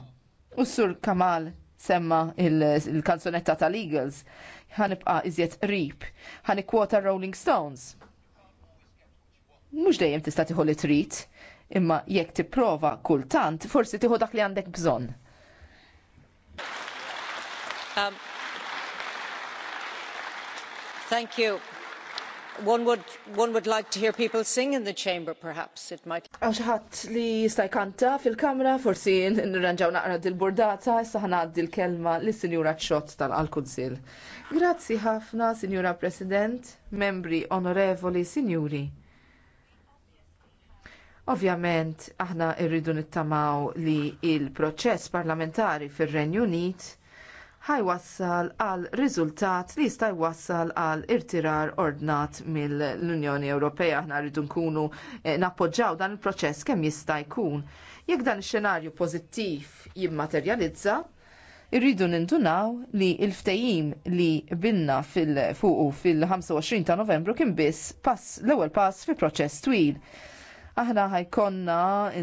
U s sur Kamal semma il-kanzonetta il kanzonetta tal eagles ħanibqa iżjed rip, ħanikwota Rolling Stones. Mhux dejjem tista' tiħol li trid, imma jekk tipprova kultant forsi tieħu dak li għandek bżonn. Um, thank you one would like to hear people sing in the chamber perhaps it might Għaw ħadd li jista' jkanta fil-kamra forsi nirranġaw naqra dil-burdata issa ħanaddi l-kelma lis sinjura xott tal-Alkunsil. Grazzi ħafna, Sinjura President, membri onorevoli, sinjuri. Ovvjament, aħna rridu nittamaw li il-proċess parlamentari fir-Renju Unit ħajwassal għal riżultat li jista' jwassal għal irtirar ordnat mill-Unjoni Ewropea. Aħna rridu nkunu eh, nappoġġaw dan il-proċess kemm jista' jkun. Jekk dan ix-xenarju pożittiv jimmaterjalizza, irridu nindunaw li il-ftejim li binna fil-fuqu fil-25 ta' novembru kien biss pass l-ewwel pass fi proċess twil aħna ħajkonna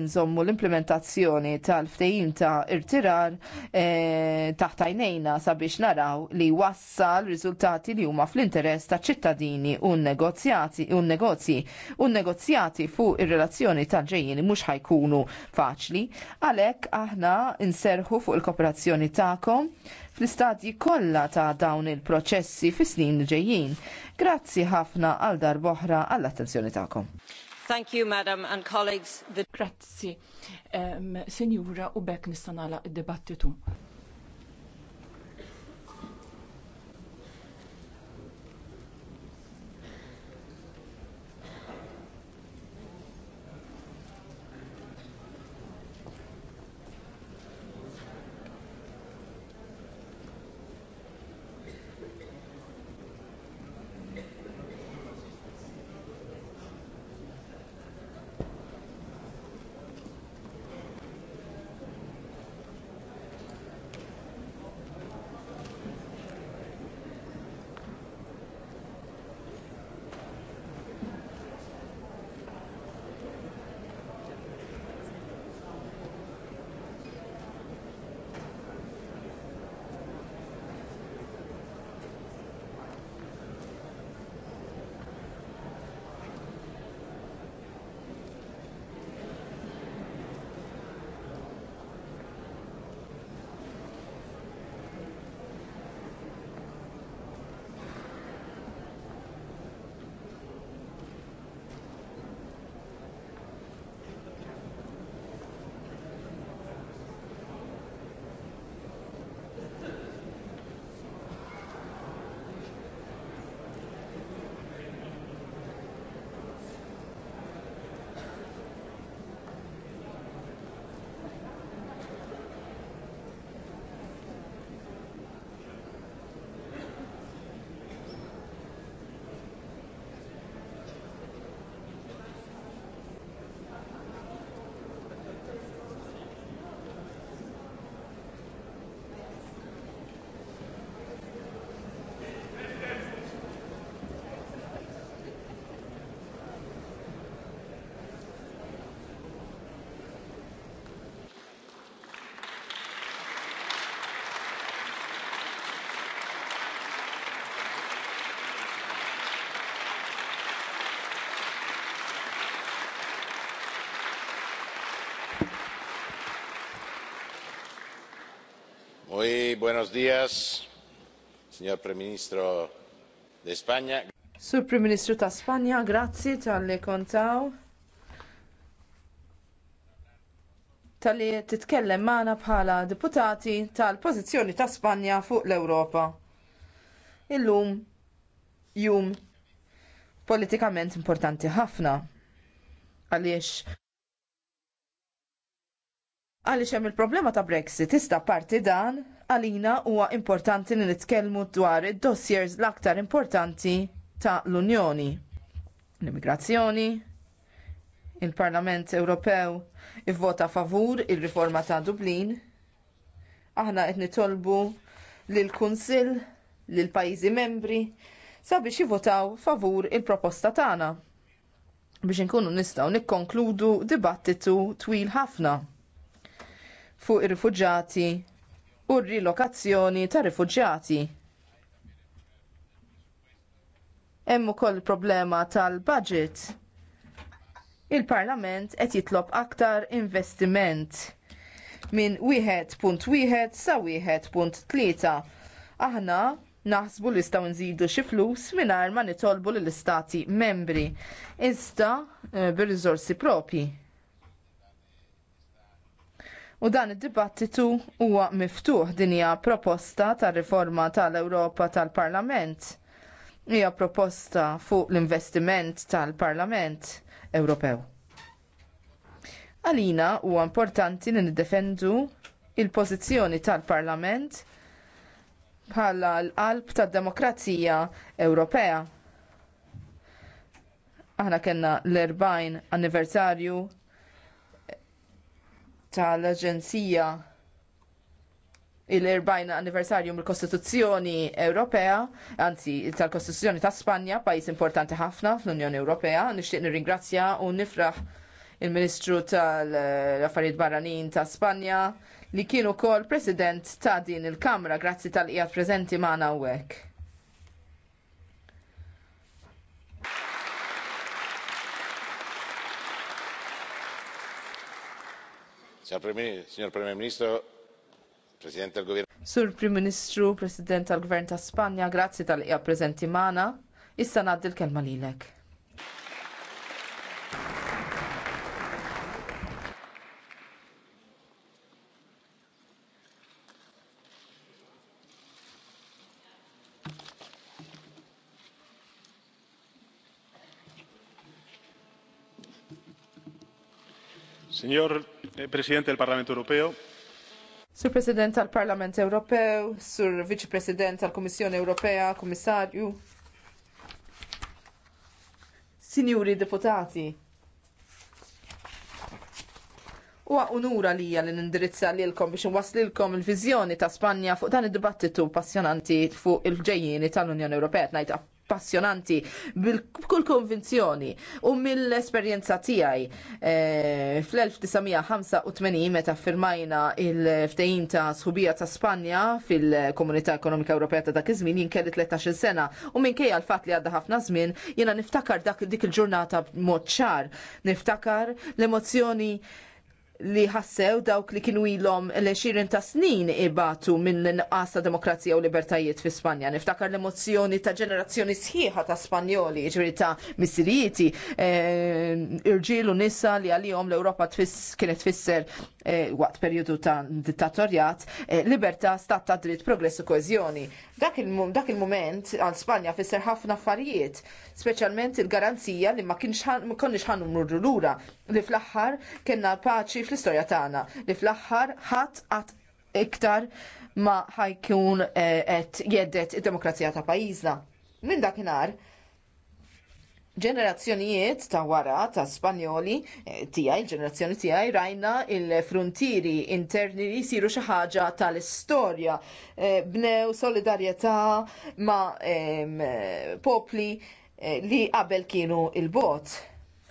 nżommu l-implementazzjoni tal-ftehim ta' irtirar e, taħt għajnejna sabiex naraw li wassal riżultati li huma fl-interess ta' ċittadini u negozjati u negozji u negozjati fuq ir-relazzjoni tal ġejjini mhux ħajkunu faċli. Għalhekk aħna nserħu fuq il-kooperazzjoni tagħkom fl-istadji kollha ta' dawn il-proċessi fis-snin ġejjin. Grazzi ħafna għal boħra għall-attenzjoni tagħkom. Thank you, madam and colleagues. The... Grazzi. Um, Sinjura, u bekk nistanala id debattitu Hoy, buenos días, signor Prim Ministro de España. Sur Prim Ministru ta' Spanja, grazzi tal-li kontaw. Tal-li titkellem magħna bħala deputati tal-pożizzjoni ta' Spanja fuq l-Ewropa. Illum jum politikament importanti ħafna. Għaliex għaliex hemm il-problema ta' Brexit iżda parti dan għalina huwa importanti li nitkellmu dwar id-dossiers l-aktar importanti ta' l-Unjoni. L-immigrazzjoni, il-Parlament Ewropew ivvota favur ir-riforma ta' Dublin. Aħna qed nitolbu lill kunsill lill pajjiżi membri sabiex jivvotaw favur il-proposta tagħna biex inkunu nistgħu nikkonkludu dibattitu twil ħafna fuq ir rifuġjati u r-rilokazzjoni ta' rifuġjati. Hemm ukoll problema tal-budget. Il-Parlament qed jitlob aktar investiment minn wieħed punt wieħed sa wieħed punt tlieta. Aħna naħsbu li staw nżidu xi flus mingħajr ma nitolbu lill istati membri iżda eh, bir-riżorsi propji. U dan id-dibattitu huwa miftuħ din hija proposta tar riforma tal-Ewropa tal-Parlament. Hija proposta fuq l-investiment tal-Parlament Ewropew. Għalina huwa importanti li niddefendu l pożizzjoni tal-Parlament bħala l-qalb tad-demokrazija Ewropea aħna kellna l-40 anniversarju tal-Aġenzija il-40 anniversarju mill-Kostituzzjoni Ewropea, anzi tal-Kostituzzjoni ta' Spanja, pajjiż importanti ħafna fl-Unjoni Ewropea, nixtieq nirringrazzja u nifraħ il-Ministru tal-Affarijiet Barranin ta' Spanja li kien ukoll President ta' din il-Kamra grazzi tal-qiegħed preżenti magħna hawnhekk. Signor Prime Ministro, President tal-Gvern. Sur Prim Ministru, President tal-Gvern ta' Spanja, grazzi tal-qija prezenti magħna. Issa ngħaddi l-kelma lilek. Signor Eh, presidente del Parlamento Europeo. Sur President tal-Parlament Europeo, Sur Viċi President tal-Kummissjoni Ewropea, Kummissarju. Sinjuri Deputati. Huwa unura lija li nindirizza lilkom biex nwaslilkom il-viżjoni ta' Spanja fuq dan id-dibattitu passjonanti fuq il-ġejjieni tal-Unjoni Ewropea tnajta passjonanti bil-kull konvinzjoni u mill-esperjenza tiegħi e, fl-1985 meta firmajna il-ftehim ta' sħubija ta' Spanja fil-Komunità Ekonomika Ewropea ta' dak iż-żmien jien kelli 13 sena u minkejja l-fatt li għadda ħafna żmien jiena niftakar dak dik il-ġurnata b'mod ċar, niftakar l-emozzjoni li ħassew dawk li kienu ilhom l-20 ta' snin ibatu minn nqas ta' demokrazija u libertajiet fi Spanja. Niftakar l-emozzjoni ta' ġenerazzjoni sħiħa ta' Spanjoli, ġveri ta' missirieti, eh, irġilu nisa li għalihom l-Europa kienet tfisser eh, waqt periodu ta' dittatorjat, eh, libertà, stat ta' dritt, progress u koezjoni. Dak il-moment għal Spanja fisser ħafna affarijiet, speċjalment il-garanzija li ma kienx ħan lura li fl-aħħar kena paċi fl-istorja tagħna li fl-aħħar ħadd qatt iktar ma ħajkun eh, qed jeddet id-demokrazija ta' pajjiżna. Minn dakinhar ġenerazzjonijiet ta' wara ta' Spanjoli eh, tiegħi, il-ġenerazzjoni tiegħi rajna il fruntieri interni li jsiru xi ħaġa tal-istorja eh, bnew solidarjetà ma' ehm, popli li qabel kienu il-bot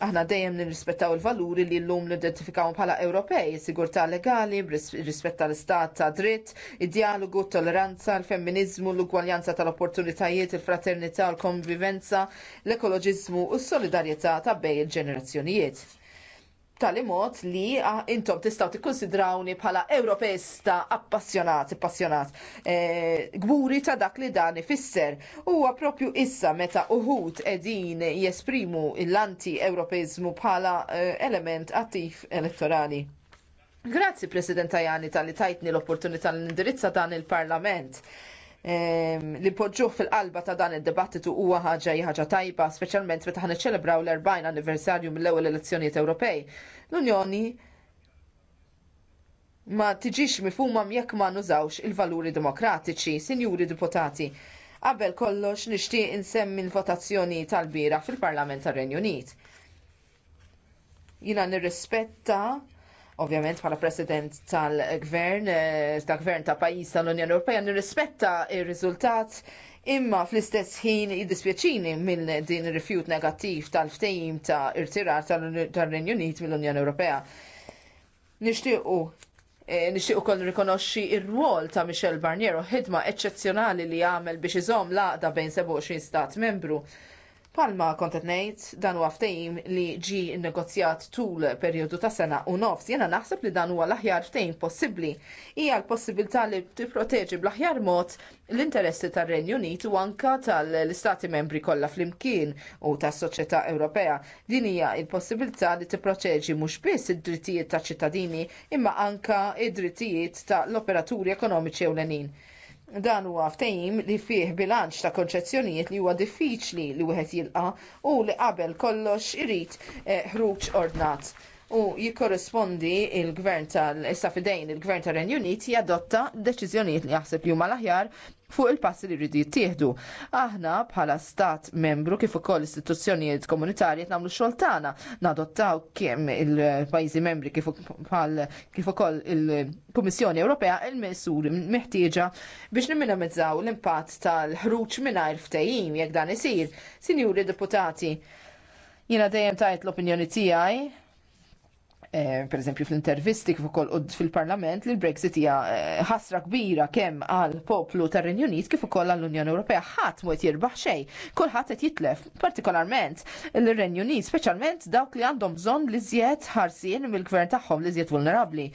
aħna dejjem nirrispettaw il-valuri li llum nidentifikaw bħala Ewropej, sigurtà legali, rispetta tal-istat ta' dritt, id-dialogu, tolleranza, l-femminizmu, l-ugwaljanza tal-opportunitajiet, il-fraternità, l-konvivenza, l-ekoloġizmu u s-solidarjetà ta' bej il-ġenerazzjonijiet tali mod li ah, intom tistaw tikkonsidrawni bħala Ewropejista appassjonat, appassjonat, eh, gburi ta' dak li dan ifisser. Huwa propju issa meta uħut edin jesprimu l-anti-Ewropeizmu bħala eh, element attiv elettorali. Grazzi President Tajani tal-li tajtni l-opportunità l-indirizza dan il-Parlament li poġġuh fil-qalba ta' dan id-dibattitu huwa ħaġa ħaġa tajba, speċjalment meta ħan iċċelebraw l-40 anniversarju mill-ewwel elezzjonijiet Ewropej. L-Unjoni ma tiġix mifhuma jekk ma nużawx il-valuri demokratiċi, sinjuri deputati. Qabel kollox nixtieq insemmi l-votazzjoni tal-bira fil-Parlament tar-Renju Unit. Jiena nirrispetta Ovvjament bħala president tal-gvern, eh, tal-gvern ta' pajjiż tal-Unjoni Ewropea nirrispetta ir-riżultat imma fl-istess ħin jiddispjaċini minn din ir rifjut negattiv tal-ftejim ta' irtirar tal-Renju Unit mill-Unjoni Ewropea. Nixtiequ eh, nixtiequ kol rikonoxxi r-rwol ta' Michel Barnier u ħidma eċċezzjonali li għamel biex iżomm l-għaqda bejn 27 stat membru Palma kontet ngħid dan huwa ftehim li ġi negozjat tul perjodu ta' sena u nofs. Jiena naħseb li dan huwa l-aħjar ftehim possibbli. Hija l-possibilità li tipproteġi bl-aħjar mod l-interessi tar-Renju Unit u anka tal-Istati membri kollha flimkien u tas-soċjetà Ewropea. Din hija l-possibilità li tipproteġi mhux biss id-drittijiet ta' ċittadini imma anka id-drittijiet tal operaturi ekonomiċi ewlenin. Dan huwa ftehim li fih bilanċ ta' konċezzjonijiet li huwa diffiċli li wieħed jilqa' u li qabel kollox irid eh, ħruġ ordnat u jikorrespondi il-gvern tal-issa fidejn il-gvern tal-Renju Unit jadotta deċiżjonijiet li jaħseb juma l-aħjar fuq il-passi li rridu jittieħdu. Aħna bħala stat membru kif ukoll istituzzjonijiet komunitarji qed nagħmlu xogħol tagħna nadottaw kemm il-pajjiżi membri kif ukoll il-Kummissjoni Ewropea il-mesuri meħtieġa biex nimminimizzaw l-impatt tal-ħruġ mingħajr ftehim jekk dan isir. Sinjuri deputati, jiena dejjem tajt l-opinjoni tiegħi Eh, per eżempju fl-intervisti kif ukoll fil-Parlament li l-Brexit hija eh, ħasra kbira kemm għal poplu tar-Renju Unit kif ukoll għall unjoni Ewropea ħadd mod jirbaħ xejn, kulħadd qed jitlef, partikolarment l-Renju Unit, speċjalment dawk li għandhom bżonn li żjed ħarsien mill-gvern tagħhom li żjed vulnerabbli.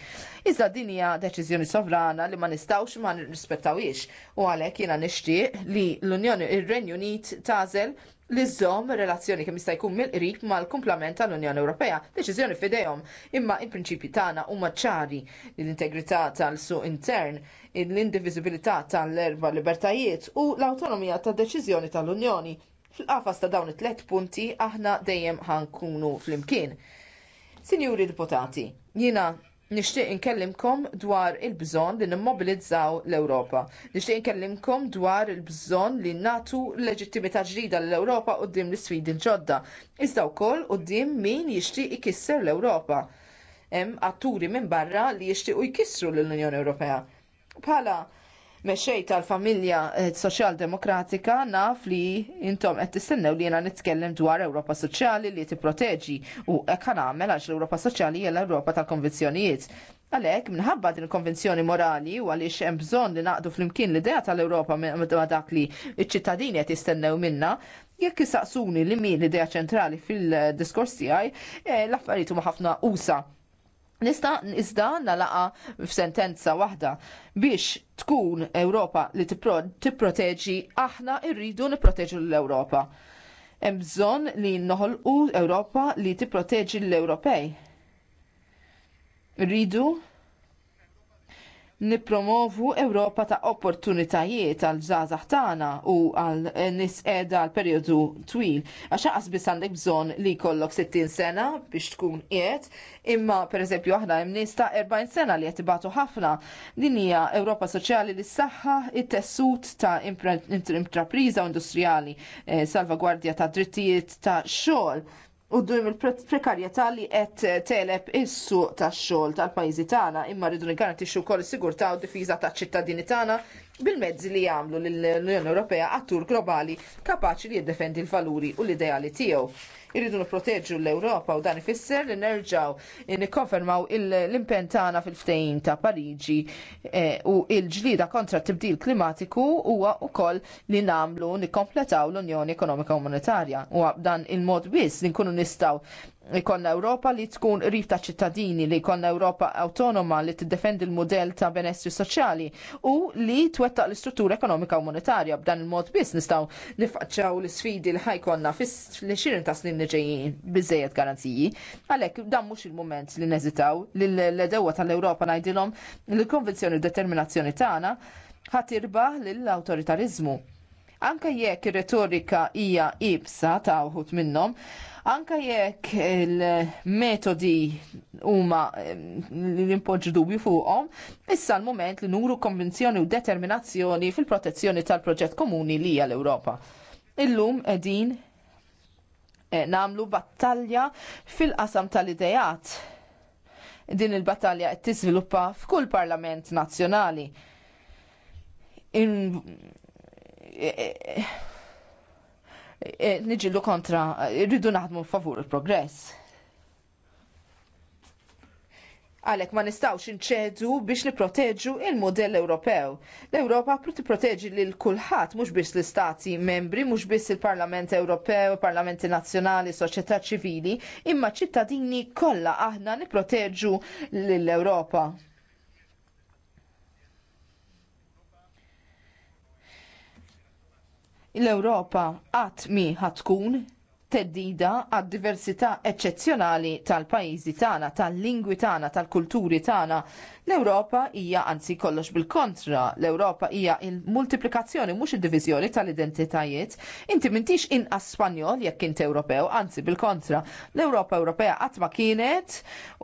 Iżda din hija deċiżjoni sovrana li ma nistgħux ma nirrispettawiex u għalhekk jiena nixtieq li l-Unjoni ir-Renju Unit tażel li żomm relazzjoni kemm jista' jkun mill-qrib mal-kumplament tal-Unjoni Ewropea, deċiżjoni f'idejhom, imma l prinċipji tagħna huma ċari l-integrità tal-suq intern, l-indiviżibilità tal-erba libertajiet u l-awtonomija tad-deċiżjoni tal-Unjoni. Fil-qafas ta' dawn it-tlet punti aħna dejjem ħankunu flimkien. Sinjuri deputati, jiena Nixtieq inkellimkom dwar il-bżonn li nimmobilizzaw l-Ewropa. Nixtieq inkellimkom dwar il-bżonn li natu leġittimità ġdida l-Ewropa quddiem l sfidi l-ġodda. Iżda wkoll quddiem min jixtieq ikisser l-Ewropa. Hemm atturi minn barra li jixtiequ jkissru l-Unjoni Ewropea. Bħala meċċej tal-familja eh, soċjaldemokratika naf li intom qed tistennew li jiena nitkellem dwar Ewropa Soċjali li t-proteġi u hekk nagħmel għax l-Ewropa Soċjali hija l-Ewropa tal-konvenzjonijiet. Għalhekk minħabba din konvenzjoni morali u għaliex hemm bżonn li naqdu flimkien l-idea tal-Ewropa ma' dak li ċ-ċittadini qed jistennew minna, jekk isaqsuni li min l-idea ċentrali fil-diskors tiegħi, eh, l-affarijiet huma ħafna usa Nista' nizda nalaqa f'sentenza waħda biex tkun Ewropa li tipproteġi aħna rridu nipproteġu l-Ewropa. Hemm bżonn li noħolqu Ewropa li tipproteġi l-Ewropej. Rridu nippromovu Ewropa ta' opportunitajiet għal żgħażagħ tagħna u għal nies qiegħda għal perjodu twil. Għax aqas biss għandek bżonn li jkollok 60 sena biex tkun qiegħed, imma pereżempju aħna hemm nies ta' 40 sena li qed ibatu ħafna. Din hija Ewropa soċjali li saħħa it-tessut ta' intrapriża industrijali, eh, salvagwardja ta' drittijiet ta' xogħol Uddim il-prekarjetà li qed teleb is-suq tax-xogħol tal-pajjiżi tagħna imma rridu nigaranti wkoll is sigurta u d-difiża taċ-ċittadini tagħna bil-mezzi li jagħmlu lill-Unjoni Ewropea attur globali kapaċi li jiddefendi l-valuri u l-ideali tiegħu. Irridu nipproteġu l-Ewropa u dan ifisser li nerġaw nikkonfermaw l-impenn tagħna fil-ftehim ta' Pariġi eh, u l-ġlida kontra t-tibdil klimatiku huwa wkoll li nagħmlu nikkompletaw l-Unjoni Ekonomika u Monetarja. U dan il-mod biss li nkunu nistgħu ikonna Ewropa li tkun rif ta' ċittadini, li jkollna Ewropa awtonoma li tiddefendi l mudell ta' benessri soċjali u li twettaq l-istruttura ekonomika u monetarja b'dan il-mod biss nistgħu nifqaċċaw l isfidi li ħajkonna fis xirin ta' snin li ġejjin biżejjed garanziji. Għalhekk dan mhux il-mument li neżitaw li l-edewa tal-Ewropa ngħidilhom li l-konvenzjoni u determinazzjoni tagħna ħatirba lill awtoritarizmu Anke jekk ir-retorika hija ibsa ta' uħut minnhom, anke jekk il-metodi huma eh, li nimpoġġu dubju fuqhom, issa l-mument li nuru konvinzjoni u determinazzjoni fil-protezzjoni tal-proġett komuni li hija l-Ewropa. Illum qegħdin eh, namlu battalja fil-qasam tal-idejat. Din il-battalja qed tiżviluppa f'kull parlament nazzjonali niġillu kontra, rridu naħdmu favur il-progress. Għalek ma nistawx inċedu biex niproteġu il-modell Ewropew. L-Ewropa li lil kulħadd mhux biss l-istati membri, mhux biss il-Parlament Ewropew, parlamenti nazzjonali, soċjetà ċivili, imma ċittadini kollha aħna nipproteġu l-Ewropa. l-Ewropa qatt mi tkun teddida għad diversità eċċezzjonali tal-pajjiżi tagħna, tal-lingwi tagħna, tal-kulturi tagħna. L-Ewropa hija anzi kollox bil-kontra, l-Ewropa hija il-multiplikazzjoni mhux id-diviżjoni il multiplikazzjoni mhux id diviżjoni tal identitajiet Inti m'intix inqas Spanjol jekk int Ewropew, anzi bil-kontra. L-Ewropa Ewropea qatt ma kienet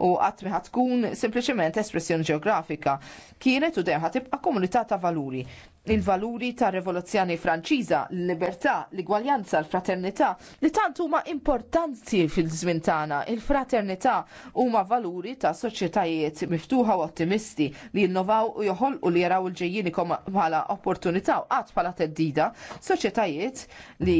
u qatt ma tkun sempliċement espressjoni ġeografika. Kienet u dejjem tibqa' komunità ta' valuri il-valuri ta' rivoluzzjoni franċiża, l-libertà, l-igwaljanza, l-fraternità li tant huma importanti fil-żmien tagħna. Il-fraternità huma valuri ta' soċjetajiet miftuħa u ottimisti li jinnovaw u joħolqu li jaraw il-ġejjini bħala opportunità u qatt bħala teddida, soċjetajiet li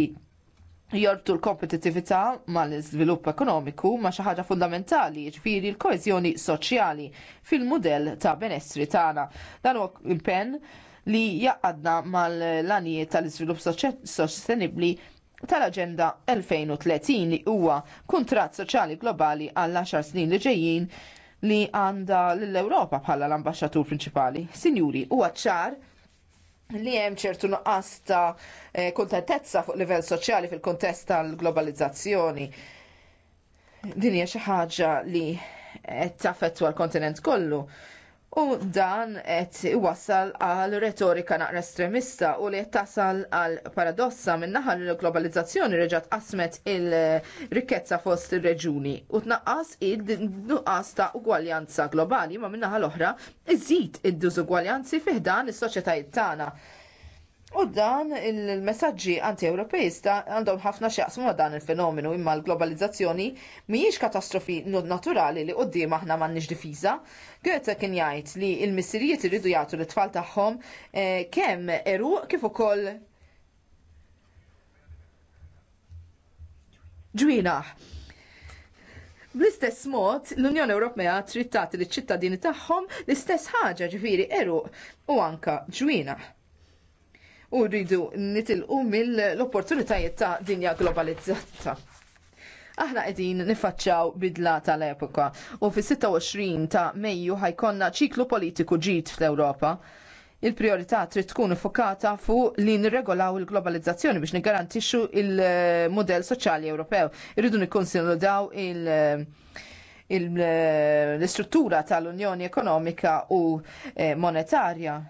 jortu l-kompetitività mal-iżvilupp ekonomiku ma xi ħaġa fundamentali, ġifieri l-koeżjoni soċjali fil-mudell ta' benessri tagħna. Dan huwa impenn li jaqadna mal-lanijiet tal-iżvilupp sostenibbli tal-Aġenda 2030 li huwa kuntratt soċjali globali għall 10 snin li ġejjin li għandha l-Ewropa bħala l ambaxxatur prinċipali. Sinjuri, huwa ċar li hemm ċertu nuqqas ta' eh, kuntentezza fuq livell soċjali fil-kontest tal-globalizzazzjoni. Din hija xi ħaġa li qed taffettwa l-kontinent kollu. U dan qed iwassal għal retorika naqra estremista u li qed tasal għal paradossa min-naħa li l-globalizzazzjoni reġgħet qasmet il-rikkezza fost ir-reġuni u tnaqqas il-nuqqas ta' ugwaljanza globali ma min-naħa l-oħra iżid id-dużugwaljanzi fih dan is-soċjetajiet tagħna. U dan il-messagġi anti-Ewropejista għandhom ħafna xjaqsmu ma' dan il-fenomenu imma l-globalizzazzjoni mhijiex katastrofi naturali li għoddim aħna m'għandniex difiza. Goethe kien jgħid li l-missirijiet iridu jagħtu l tfal tagħhom eh, kemm eru kif ukoll ġwienaħ. Bl-istess mod, l-Unjoni Ewropea trid tagħti ċ ċittadini tagħhom l-istess ħaġa ġifieri eruq u anka ġwienaħ u rridu nitilqu mill-opportunitajiet ta' dinja globalizzata. Aħna qegħdin nifaċċaw bidla tal-epoka u fis-26 ta' Mejju ħajkonna ċiklu politiku ġid fl-Ewropa il-priorità trid tkun fokata fuq li nirregolaw il-globalizzazzjoni biex nigarantixxu il-modell soċjali Ewropew. Irridu nikkonsolidaw il- l-istruttura tal-Unjoni Ekonomika u eh, Monetarja